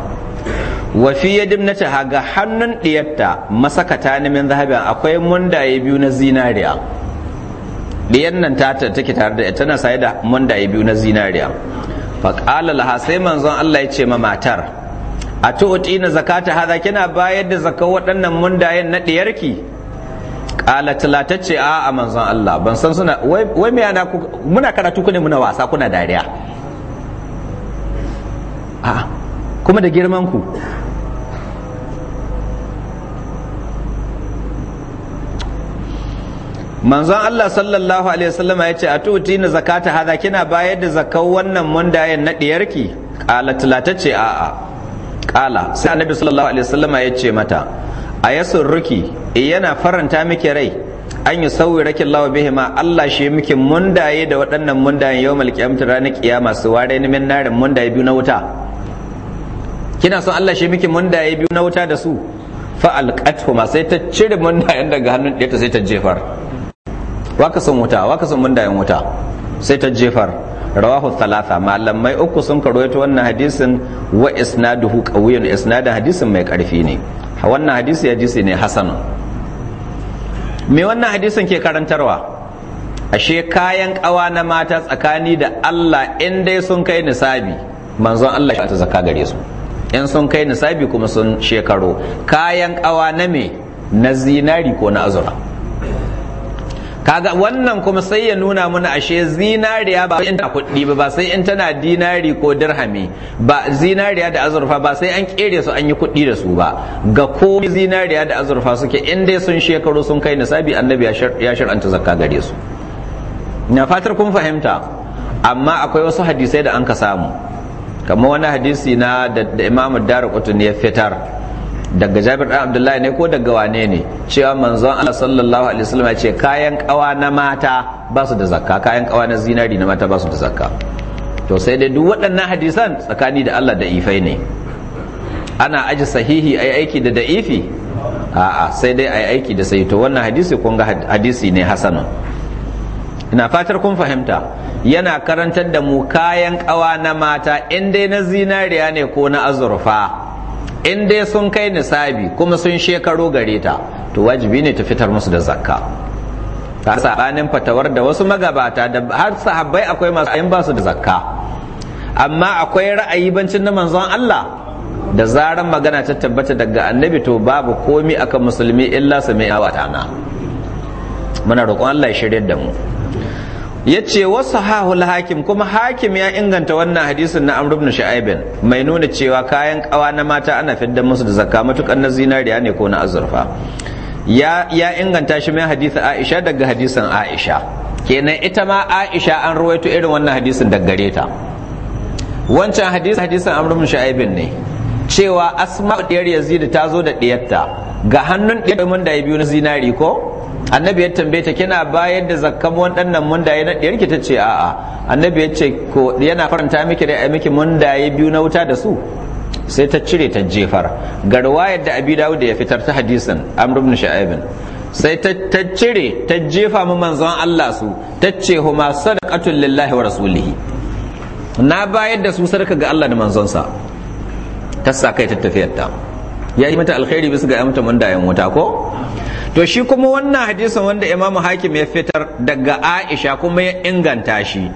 wa fi yadimnata ga hannun diyarta masakata ne min zahabin akwai mundaye biyu na zinariya diyan nan ta take tare da ita, tana saye da mundaye biyu na zinariya qala laha sai manzon Allah ya ce ma matar a tu'ti na zakata hada kina bayar da zakar waɗannan mundayen na diyarki kala talata ce a a manzon Allah ban san suna wai me ana muna karatu ku ne muna wasa kuna dariya a kuma da girman ku manzon Allah sallallahu alaihi wasallam ya ce a tuti na zakata hada kina bayar da zakar wannan mundayen na diyarki kala talata ce a a kala sai annabi sallallahu alaihi wasallam ya ce mata a ruki eh, yana faranta miki rai an yi sauyi rakin lawa bihi ma. Allah shi miki mundaye da waɗannan mundayen yau malkiyamta ranar kiyama su ware ni min narin mundaye biyu na wuta kina son Allah shi miki mundaye biyu na wuta da su fa ma sai ta cire mundayen daga hannun ɗaya ta sai ta jefar waka son wuta waka son mundayen wuta sai ta jefar rawahu thalatha malamai uku sun ta wannan hadisin wa isnaduhu qawiyun isnadu hadisin mai karfi ne wannan hadisi hadisi ne hasan me wannan hadisin ke karantarwa ashe kayan kawa na mata tsakani da Allah in dai sun kai nisabi manzon Allah ya ta zaka gare su in sun kai nisabi kuma sun shekaru kayan kawa na me na zinari ko na azura kaga wannan kuma sai ya nuna mana ashe zinariya ba in ta kuɗi ba ba sai in tana dinari ko dirhami ba zinariya da azurfa ba sai an kere su an yi kuɗi da su ba ga komai zinariya da azurfa suke in dai sun shekaru sun kai nisabi annabi ya shar'anta zakka gare su na fatar kun fahimta amma akwai wasu hadisai da an ka samu kamar wani hadisi na da imamu dara ya fitar daga jabir dan abdullahi ne ko daga wane ne cewa manzon Allah sallallahu alaihi wasallam ya ce kayan kawa na mata ba su da zakka kayan kawa na zinari na mata ba su da zakka to sai dai duk waɗannan hadisan tsakani da Allah da ifai ne ana aji sahihi ai aiki da da'ifi a'a sai dai ai aiki da sai to wannan hadisi kun ga hadisi ne hasanun ina fatar kun fahimta yana karantar da mu kayan kawa na mata in dai na zinariya ne ko na azurfa in dai sun kai nisabi kuma sun shekaru gare ta to wajibi ne ta fitar musu da zakka ta sabanin fatawar da wasu magabata da har sahabbai akwai masu ayin basu da zakka amma akwai ra'ayi bancin na manzon Allah da zaran magana ta tabbata daga annabi to babu komi akan musulmi illa su mai awata na muna roƙon Allah ya shirya da mu Ya ce wasu hahul hakim kuma hakim ya inganta wannan hadisin na amr ibn shu'aibin mai nuna cewa kayan kawa na mata ana fidda musu da zakka matukan na zinariya ne ko na azurfa ya inganta shi mai hadisi Aisha daga hadisin Aisha kenan ita ma Aisha an ruwaito irin wannan hadisin daga gare wancan hadisin hadisin Amr ibn Shu'aibin ne cewa Asma diyar Yazid ta zo da diyarta ga hannun diyar mun da biyu na zinari ko annabi ya tambaye ta kina bayar da zakkan wannan mundaye na diyarki ta ce a'a annabi ya ce ko yana faranta miki da miki mundaye biyu na wuta da su sai ta cire ta jefar garwayar da abi dawud ya fitar ta hadisin amr ibn sha'ibin sai ta cire ta jefa mu manzon Allah su ta ce huma sadaqatul lillahi wa rasulihi na bayar da su sarka ga Allah da manzonsa ta sa kai ta tafiyar ta ya yi mata alkhairi bisa ga ya mata mundayen wuta ko to shi kuma wannan hadisin wanda imamu hakim ya fitar daga aisha kuma ya inganta shi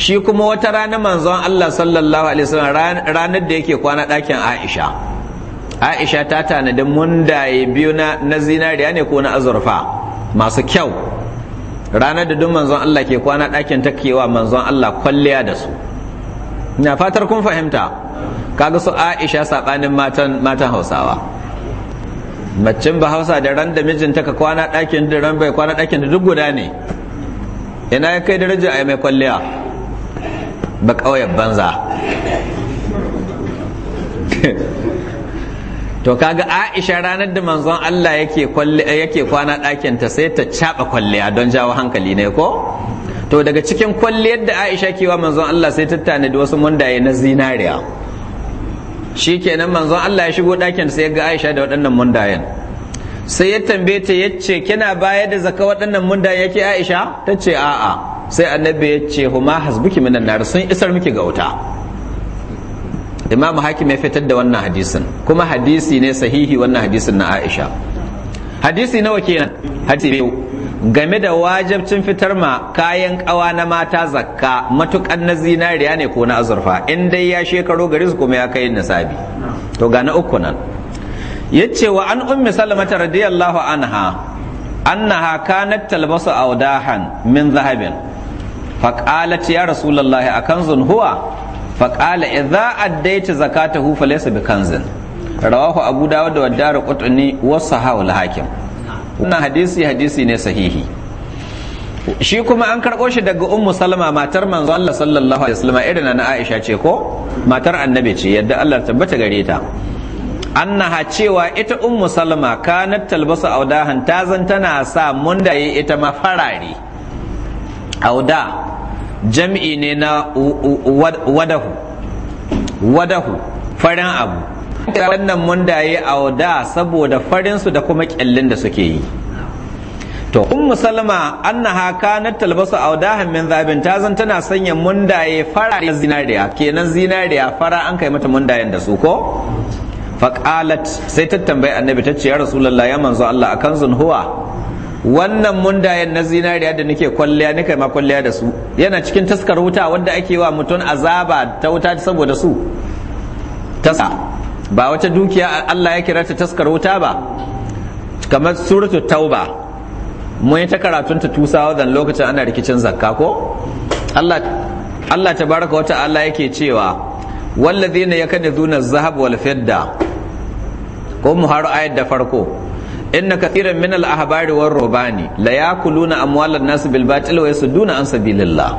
shi kuma wata rana manzon allah sallallahu alaihi wasallam ranar da yake kwana ɗakin aisha aisha ta tanadi mundaye biyu na zinariya ne ko na azurfa masu kyau ranar da duk manzon allah ke kwana ɗakin ta kewa manzon allah kwalliya da su na fatar kun fahimta kaga su aisha saɓanin matan hausawa macin ba hausa da ran da mijinta ka kwana ɗakin da ran kwana ɗakin da duk guda ne ina ya kai darajar a mai kwalliya ba ƙauyen banza to kaga aisha ranar da manzon Allah yake kwana ɗakin ta sai ta caɓa kwalliya don jawo hankali ne ko to daga cikin kwalliyar da aisha kewa manzon Allah sai ta da wasu mundaye na zinariya Shi kenan manzon Allah ya shigo ɗakin sai ya ga Aisha da waɗannan mundayen sai ya tambaye ta ya ce kina baya da zaka waɗannan mundayen yake Aisha ta ce a'a sai annabi ya ce huma hasbuki minan nar sun isar miki ga wuta Imam Hakim ya fitar da wannan hadisin kuma hadisi ne sahihi wannan hadisin na Aisha hadisi nawa kenan hadisi game da wajabcin fitar ma kayan kawa na mata zakka matukan na zinariya ne ko na azurfa in dai ya shekaro gari su kuma ya kai nisabi to ga na uku nan yace wa an ummi salamata radiyallahu anha annaha kanat talbasu awdahan min zahabin faqalat ya rasulullahi akanzun huwa faqala idza addaita zakatahu falaysa bikanzin rawahu abu dawud wa ad-darqutni wa sahahu al-hakim wannan hadisi hadisi ne sahihi shi kuma an karɓo shi daga ummu salama matar manzo Allah sallallahu alaihi wasallam irin na Aisha ce ko matar annabi ce yadda Allah tabbata gare ta annaha cewa ita ummu salama kanat talbasu audahan ta zan tana sa mundaye ita ma farare auda jam'i ne na wadahu wadahu farin abu wannan mundaye auda saboda farinsu da kuma kyallin da suke yi to ummu salma annaha kanat talbasu audahan min zabin ta zan tana sanya mundaye farare zinariya kenan zinariya fara an kai mata mundayen da su ko faqalat sai ta tambayi annabi ta ce ya rasulullahi ya manzo Allah akan zun huwa wannan mundayen na zinariya da nake kwalliya nake ma kwalliya da su yana cikin taskar wuta wanda ake wa mutum azaba ta wuta saboda su tasa ba wata dukiya Allah ya kira ta taskar wuta ba kamar suratul tauba mun ta karatun ta tusa dan lokacin ana rikicin zakka ko Allah baraka wata Allah yake cewa ya yakadzuna az-zahab wal fidda ko mu har ayar da farko inna kathiran min al-ahbari war rubani la yakuluna amwal an-nas bil batil wa yasudduna an sabilillah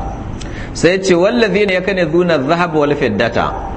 sai ce ce wallazina yakadzuna az-zahab wal fiddata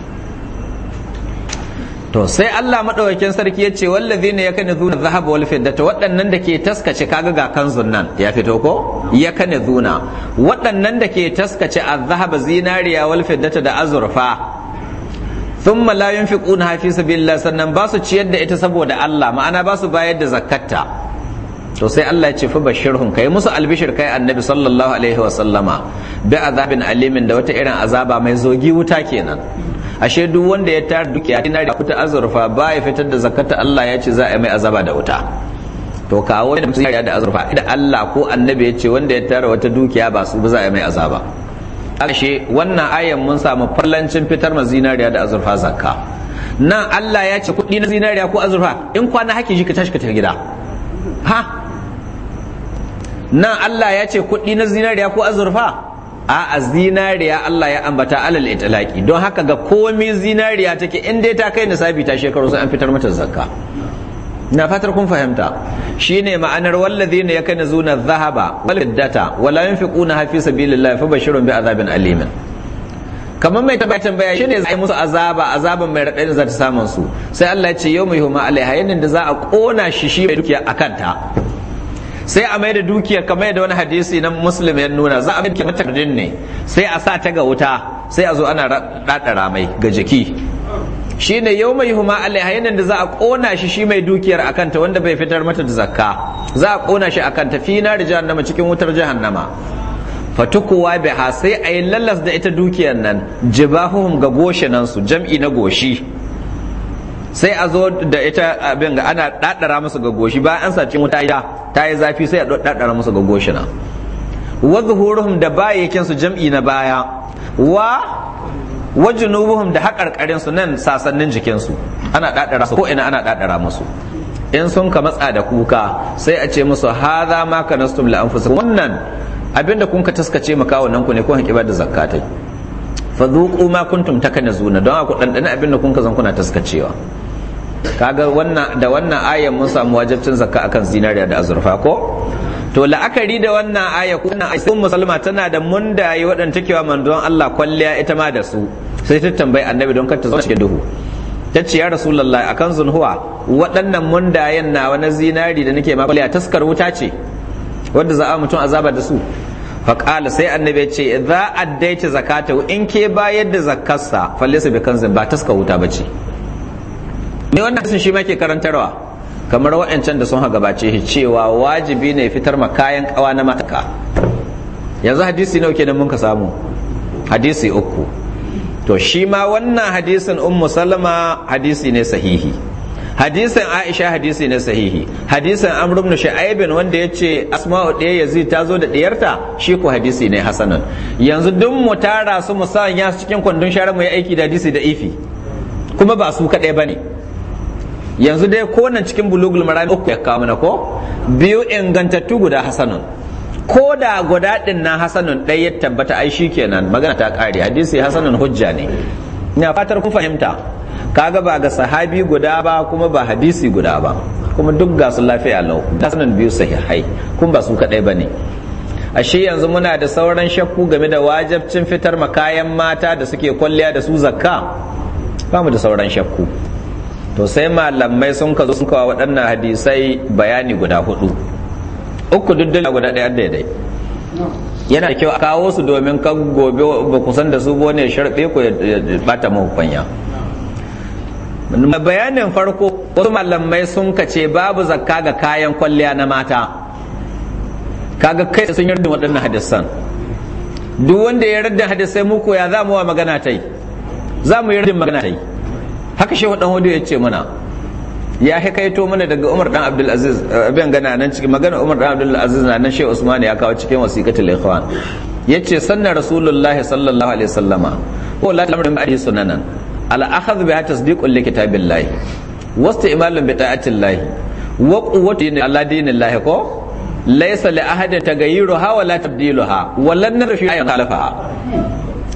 to sai Allah madaukakin sarki yace wallazina yakanizuna dhahaba wal to waɗannan da ke taskace kaga ga kanzun nan ya fito ko yakanizuna waɗannan da ke taskace azhab zinariya wal fidda da azurfa thumma la yunfiquna fi sabilillah sannan ba su ciyar da ita saboda Allah ma'ana ba su bayar da zakatta to sai Allah ya ce fa bashirhum kai musu albishir kai annabi sallallahu alaihi wa sallama bi azabin alimin da wata irin azaba mai zogi wuta kenan ashe duk wanda ya tara dukiya tana da fita azurfa ba ya fitar da zakata Allah ya ce za a yi mai azaba da wuta to kawo da mutum ya da azurfa da Allah ko annabi ya ce wanda ya tara wata dukiya ba su ba za a yi mai azaba ashe wannan ayan mun samu fallancin fitar ma zinariya da azurfa zakka nan Allah ya ce kuɗi na zinariya ko azurfa in kwana haki shi ka tashi ka tafi gida ha nan Allah ya ce kuɗi na zinariya ko azurfa a a zinariya Allah ya ambata alal itlaqi don haka ga komai zinariya take in dai ta kai nisabi ta shekaru sai an fitar mata zakka na fatar kun fahimta shine ma'anar wallazina yakanzuna dhahaba wal fiddata wala yunfiquna fi sabilillahi fabashirun bi azabin alimin kamar mai tambaya tambaya shine zai musu azaba azaban mai radadi za ta samun su sai Allah ya ce yau huma alaiha yanda za a kona shi shi mai dukiya akanta kanta. sai a mai da dukiyar kamar da wani hadisi na muslim ya nuna za a mai matardin ne sai a sa ta ga wuta sai a zo ana ɗaɗa ramai ga jiki Shi ne yau mai huma alaiha yanin da za a ƙona shi shi mai dukiyar akanta wanda bai fitar mata da zakka za a ƙona shi akanta fi na jahannama cikin wutar nama. fatukuwa biha sai a yi lallas da ita dukiyar nan jibahuhum ga goshe nan jam'i na goshi sai a zo da ita abin ga ana daddara musu ga goshi ba an sace wuta ya ta yi zafi sai a daddara musu ga goshi na wa da bayyakin su jam'i na baya wa wajnubuhum da haƙarƙarin su nan sasannin jikin su ana daddara su ko ina ana daddara musu in sun ka matsa da kuka sai a ce musu hadha ma kanastum la anfusikum wannan abinda kun ka taskace maka wannan ku ne ko hakiba da zakatai fa zuqu ma kuntum takanazuna don ku dandana abinda kun ka zan kuna taskacewa kaga wannan da wannan ayan mun samu wajibcin zakka akan zinariya da azurfa ko to la'akari da wannan aya kuna a cikin musulma tana da mundaye waɗanda take manzon Allah kwalliya ita ma da su sai ta tambayi annabi don kar ta zama cikin duhu ta ce ya rasulullahi akan zunhuwa waɗannan mundayen na wani zinari da nake ma kwalliya taskar wuta ce wanda za a mutum azaba da su faƙala sai annabi ce za a daita zakata in ke bayar da zakarsa fallisa bi kanzin ba taskar wuta ba ce me wannan hadisin shi ma ke karantarwa kamar wa'ancan da sun gabace shi cewa wajibi ne fitar ma kayan kawa na mataka yanzu hadisi nawa kenan mun ka samu hadisi uku to shi ma wannan hadisin ummu salama hadisi ne sahihi hadisin aisha hadisi ne sahihi hadisin amr ibn wanda yace asma'u ɗaya yazid ta zo da ɗiyarta shi ko hadisi ne hasanan yanzu duk mu tara su mu sanya cikin kwandon shara mu yi aiki da hadisi da ifi kuma ba su kaɗai bane yanzu dai ko nan cikin bulugul marami uku ya kama na ko biyu ingantattu guda hasanun ko da guda din na hasanun ɗaya ya tabbata ai shi kenan magana ta kare. hadisi hasanun hujja ne ina fatar kun fahimta kaga ba ga sahabi guda ba kuma ba hadisi guda ba kuma duk ga su lafiya lau hasanun biyu sahihai kun ba su kaɗai ba ne ashe yanzu muna da sauran shakku game da wajabcin fitar makayan mata da suke kwalliya da su zakka ba mu da sauran shakku to sai malamai sun ka zo sun kawo waɗannan hadisai bayani guda hudu uku duddun guda ɗaya daidai yana da kyau a kawo su domin kan gobe ba ku san da su ne sharɓe ku ya bata mahukunya bayanin farko wasu malamai sun kace babu zakka ga kayan kwalliya na mata kaga kai sun yarda waɗannan hadisan duk wanda ya yarda hadisai muku ya za mu wa magana ta yi za mu yarda magana ta yi haka shehu dan hudu ya ce mana ya hikaito mana daga Umar dan Abdul Aziz eh, abin gana nan cikin magana Umar dan Abdul Aziz na nan Shehu Usman ya kawo cikin wasiqatul ikhwan yace sanna Rasulullah sallallahu alaihi wasallama wa la tamrin bi sunanan al akhadh bi tasdiqul li kitabillah wa istimalun bi ta'atillah wa quwwatu ala dinillah ko laysa li ahadin tagayyuruha wa la tabdiluha wa lan narfi ayan khalafaha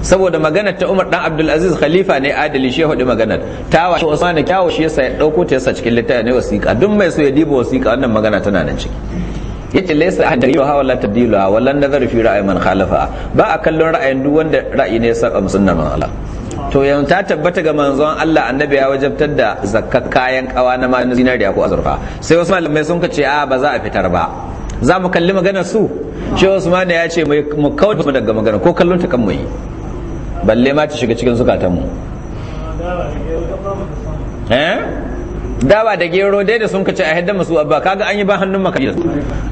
saboda maganar ta Umar dan Abdul Aziz khalifa ne adali shi hudu maganar ta washe Usman wa shi yasa ya dauko ta yasa cikin littafi ne wasiqa duk mai so ya diba wasiqa wannan magana tana nan ciki yace laysa hadayu ha wala tadilu ha wala nazar fi ra'ayi man khalafa ba a kallon ra'ayin duk wanda ra'ayi ne saba sunnar Allah to yan ta tabbata ga manzon Allah annabi ya wajabtar da zakkat kayan kawa na ma zinariya ko azurfa sai wasu mai sun ce a ba za a fitar ba za mu kalli maganar su shi Usman ya ce mu kawai daga magana ko kallon ta kan mu yi balle ma ta shiga cikin zukatanmu eh dawa da gero dai da sun kace a hidda masu abba kaga an yi ba hannun makabila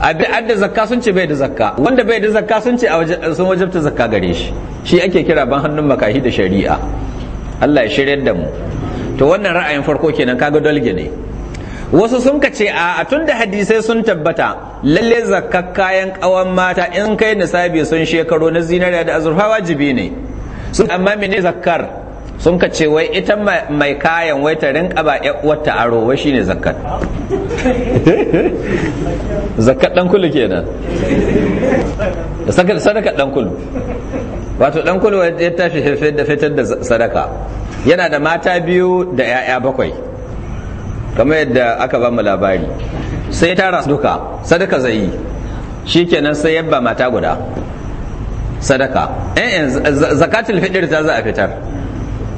abin adda zakka sun ce bai da zakka wanda bai da zakka sun ce sun wajabta zakka gare shi shi ake kira ban hannun makahi da shari'a Allah ya shiryar da mu to wannan ra'ayin farko kenan kaga dolge ne wasu sun kace a tun da hadisai sun tabbata lalle zakka kayan kawan mata in kai nisabi sun shekaru na zinariya da azurfa wajibi ne sun amma mene zakkar sun ka ce wai ita mai kayan wai ta rinka ba wata aro wai shine zakkar zakkar dan kulu kenan sadaka dan kulu wato dan kulu ya tashi da fitar da sadaka yana da mata biyu da 'ya'ya bakwai kamar yadda aka ba mu labari sai ya tara duka sadaka zai yi shikenan sai yabba mata guda sadaka eh, eh, zakatul fitr ta za a fitar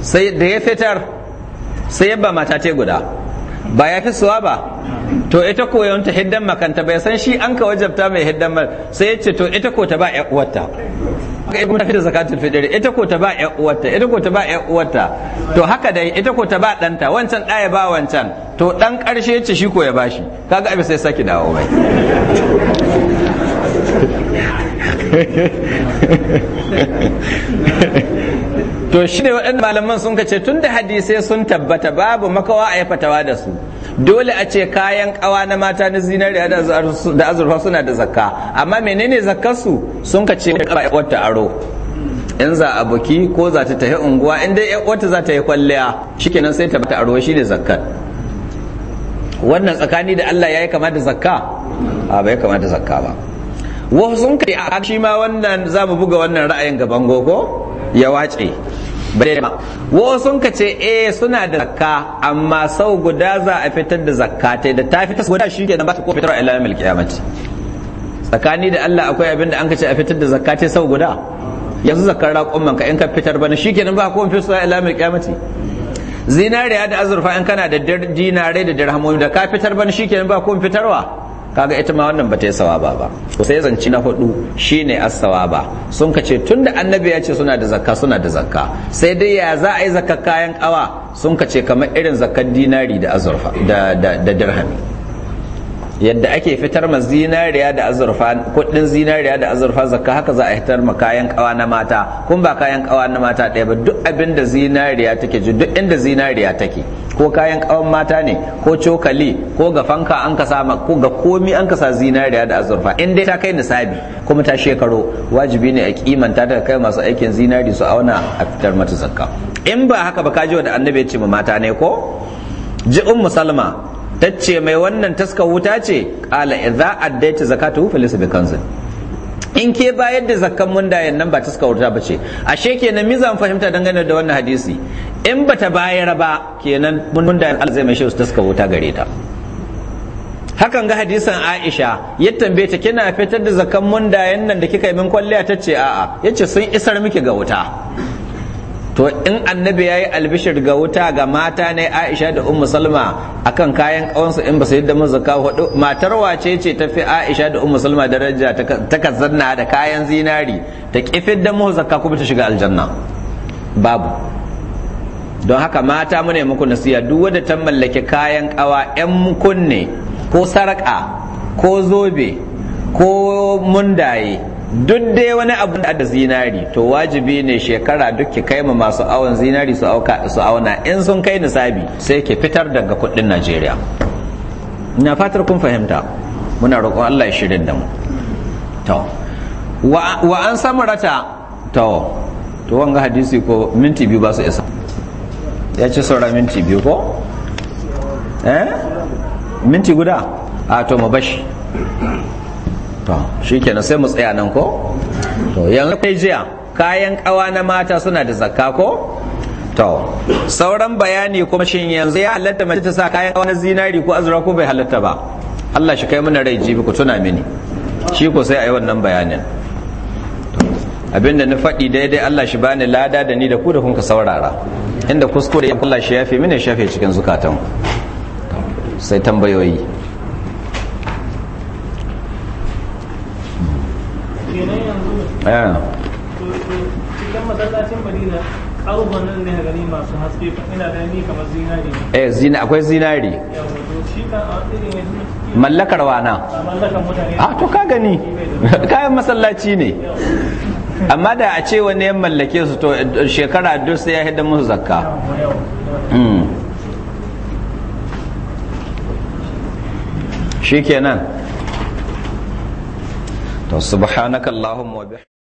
sai da ya fitar sai ya mata ce guda ba ya fi suwa ba to ita ko yawan ta hiddan makanta bai san shi an ka wajabta mai hiddan mal sai ya ce to ita ko ta ba ya uwarta haka ibn tafi da zakatul fitr ita ko ta ba ya uwarta ita ko ta ba ya uwarta to haka dai ita ko ta ba danta wancan da ya ba wancan to dan karshe ya ce shi ko ya bashi kaga abin sai saki dawo bai to shi ne waɗanda malaman sun ce tun da hadisai sun tabbata babu makawa a yi fatawa da su dole a ce kayan kawa na mata na zinariya da azurfa suna da zakka amma menene zakkarsu sun ka ce wata aro in za a buki ko za ta tafi unguwa in dai wata za ta yi kwalliya shikenan sai ta bata aro shi ne zakkar wannan tsakani da Allah ya yi kama da zakka a bai kama da zakka ba wasu sun kai a shi ma wannan za mu buga wannan ra'ayin gaban goko ya wace ba wasu sun ka ce eh suna da zakka amma sau guda za a fitar da zakka ta da ta fitar guda shi kenan ba ta ko a ilayen yawmil qiyamati tsakani da Allah akwai abin da an ka ce a fitar da zakka ta sau guda yanzu zakkar raƙon manka in ka fitar bana shi nan ba ko fitar ila yawmil qiyamati zinariya da azurfa in kana da dinare da dirhamomi da ka fitar bana shi nan ba ko fitarwa kaga ita ma wannan ba ta yi sawaba ba to sai zanci na hudu shine as-sawaba sun kace tunda annabi ya ce suna da zakka suna da zakka sai dai ya za a yi zakka kayan kawa sun kace kamar irin zakkar dinari da azurfa da da dirhami yadda ake fitar ma zinariya da azurfa kudin zinariya da azurfa zakka haka za a fitar ma kayan kawa na mata kun ba kayan kawa na mata ɗaya ba duk abin da zinariya take ji duk inda zinariya take ko kayan kawan mata ne ko cokali ko ga fanka an kasa ko ga komi an kasa zinariya da azurfa in dai ta kai nisabi kuma ta shekaro wajibi ne a kimanta ta kai masu aikin zinari su auna a fitar mata zakka in ba haka ba ka wa da annabi ya ce ma mata ne ko ji ummu salma tacce mai wannan taska wuta ce qala idza addaita zakatuhu bi kanzin in ke bayar da zakkan mundayen nan ba taska wuta bace ashe kenan zan fahimta dangane da wannan hadisi in bata bayar ba kenan mundayen Allah zai mai shi taska wuta gare ta hakan ga hadisan Aisha ya tambaye ta kina fitar da zakkan mundayen nan da kika yi min kwalliya tace ce a'a yace sun isar miki ga wuta to in annabi ya yi albishir ga wuta ga mata ne aisha da umu salma kan kayan kawansu in ba su yadda mun zaka hudu matar wace ce ta fi aisha da umu salma daraja ta kazanna da kayan zinari ta kifin da mu zaka kuma ta shiga aljanna babu don haka mata mu ne muku nasiya duk wanda ta mallaki kayan kawa yan kunne ko sarƙa ko zobe ko mundaye duk dai wani abu da zinari to wajibi ne shekara duk ki kai ma masu awon zinari su auka su auna in sun kai nisabi sai ki fitar daga kuɗin Najeriya ina fatar kun fahimta muna roƙon Allah ya shirin da mu to wa an samarata to to wanga hadisi ko minti biyu ba su isa ya ce saura minti biyu ko eh minti guda a to mu bashi to kenan sai mu tsaya nan ko to yanzu kai jiya kayan kawa na mata suna da zakka ko to sauran bayani kuma shin yanzu ya halatta mace ta sa kayan kawa na zinari ko azura ko bai halatta ba Allah shi kai mana rai jibi ku tuna mini shi ko sai a yi wannan bayanin abinda na faɗi daidai Allah shi bani lada da ni da ku da kun ka saurara inda kuskure Allah shi yafe mini shafe cikin zukatan sai tambayoyi Eh. eh zina akwai zinari mallakar wana a ah, to ka gani kayan masallaci ne amma da a ce wani yan mallake su to eh, shekara duk sai ya hidda musu zakka hmm. Shi kenan. to subhanakallahumma wa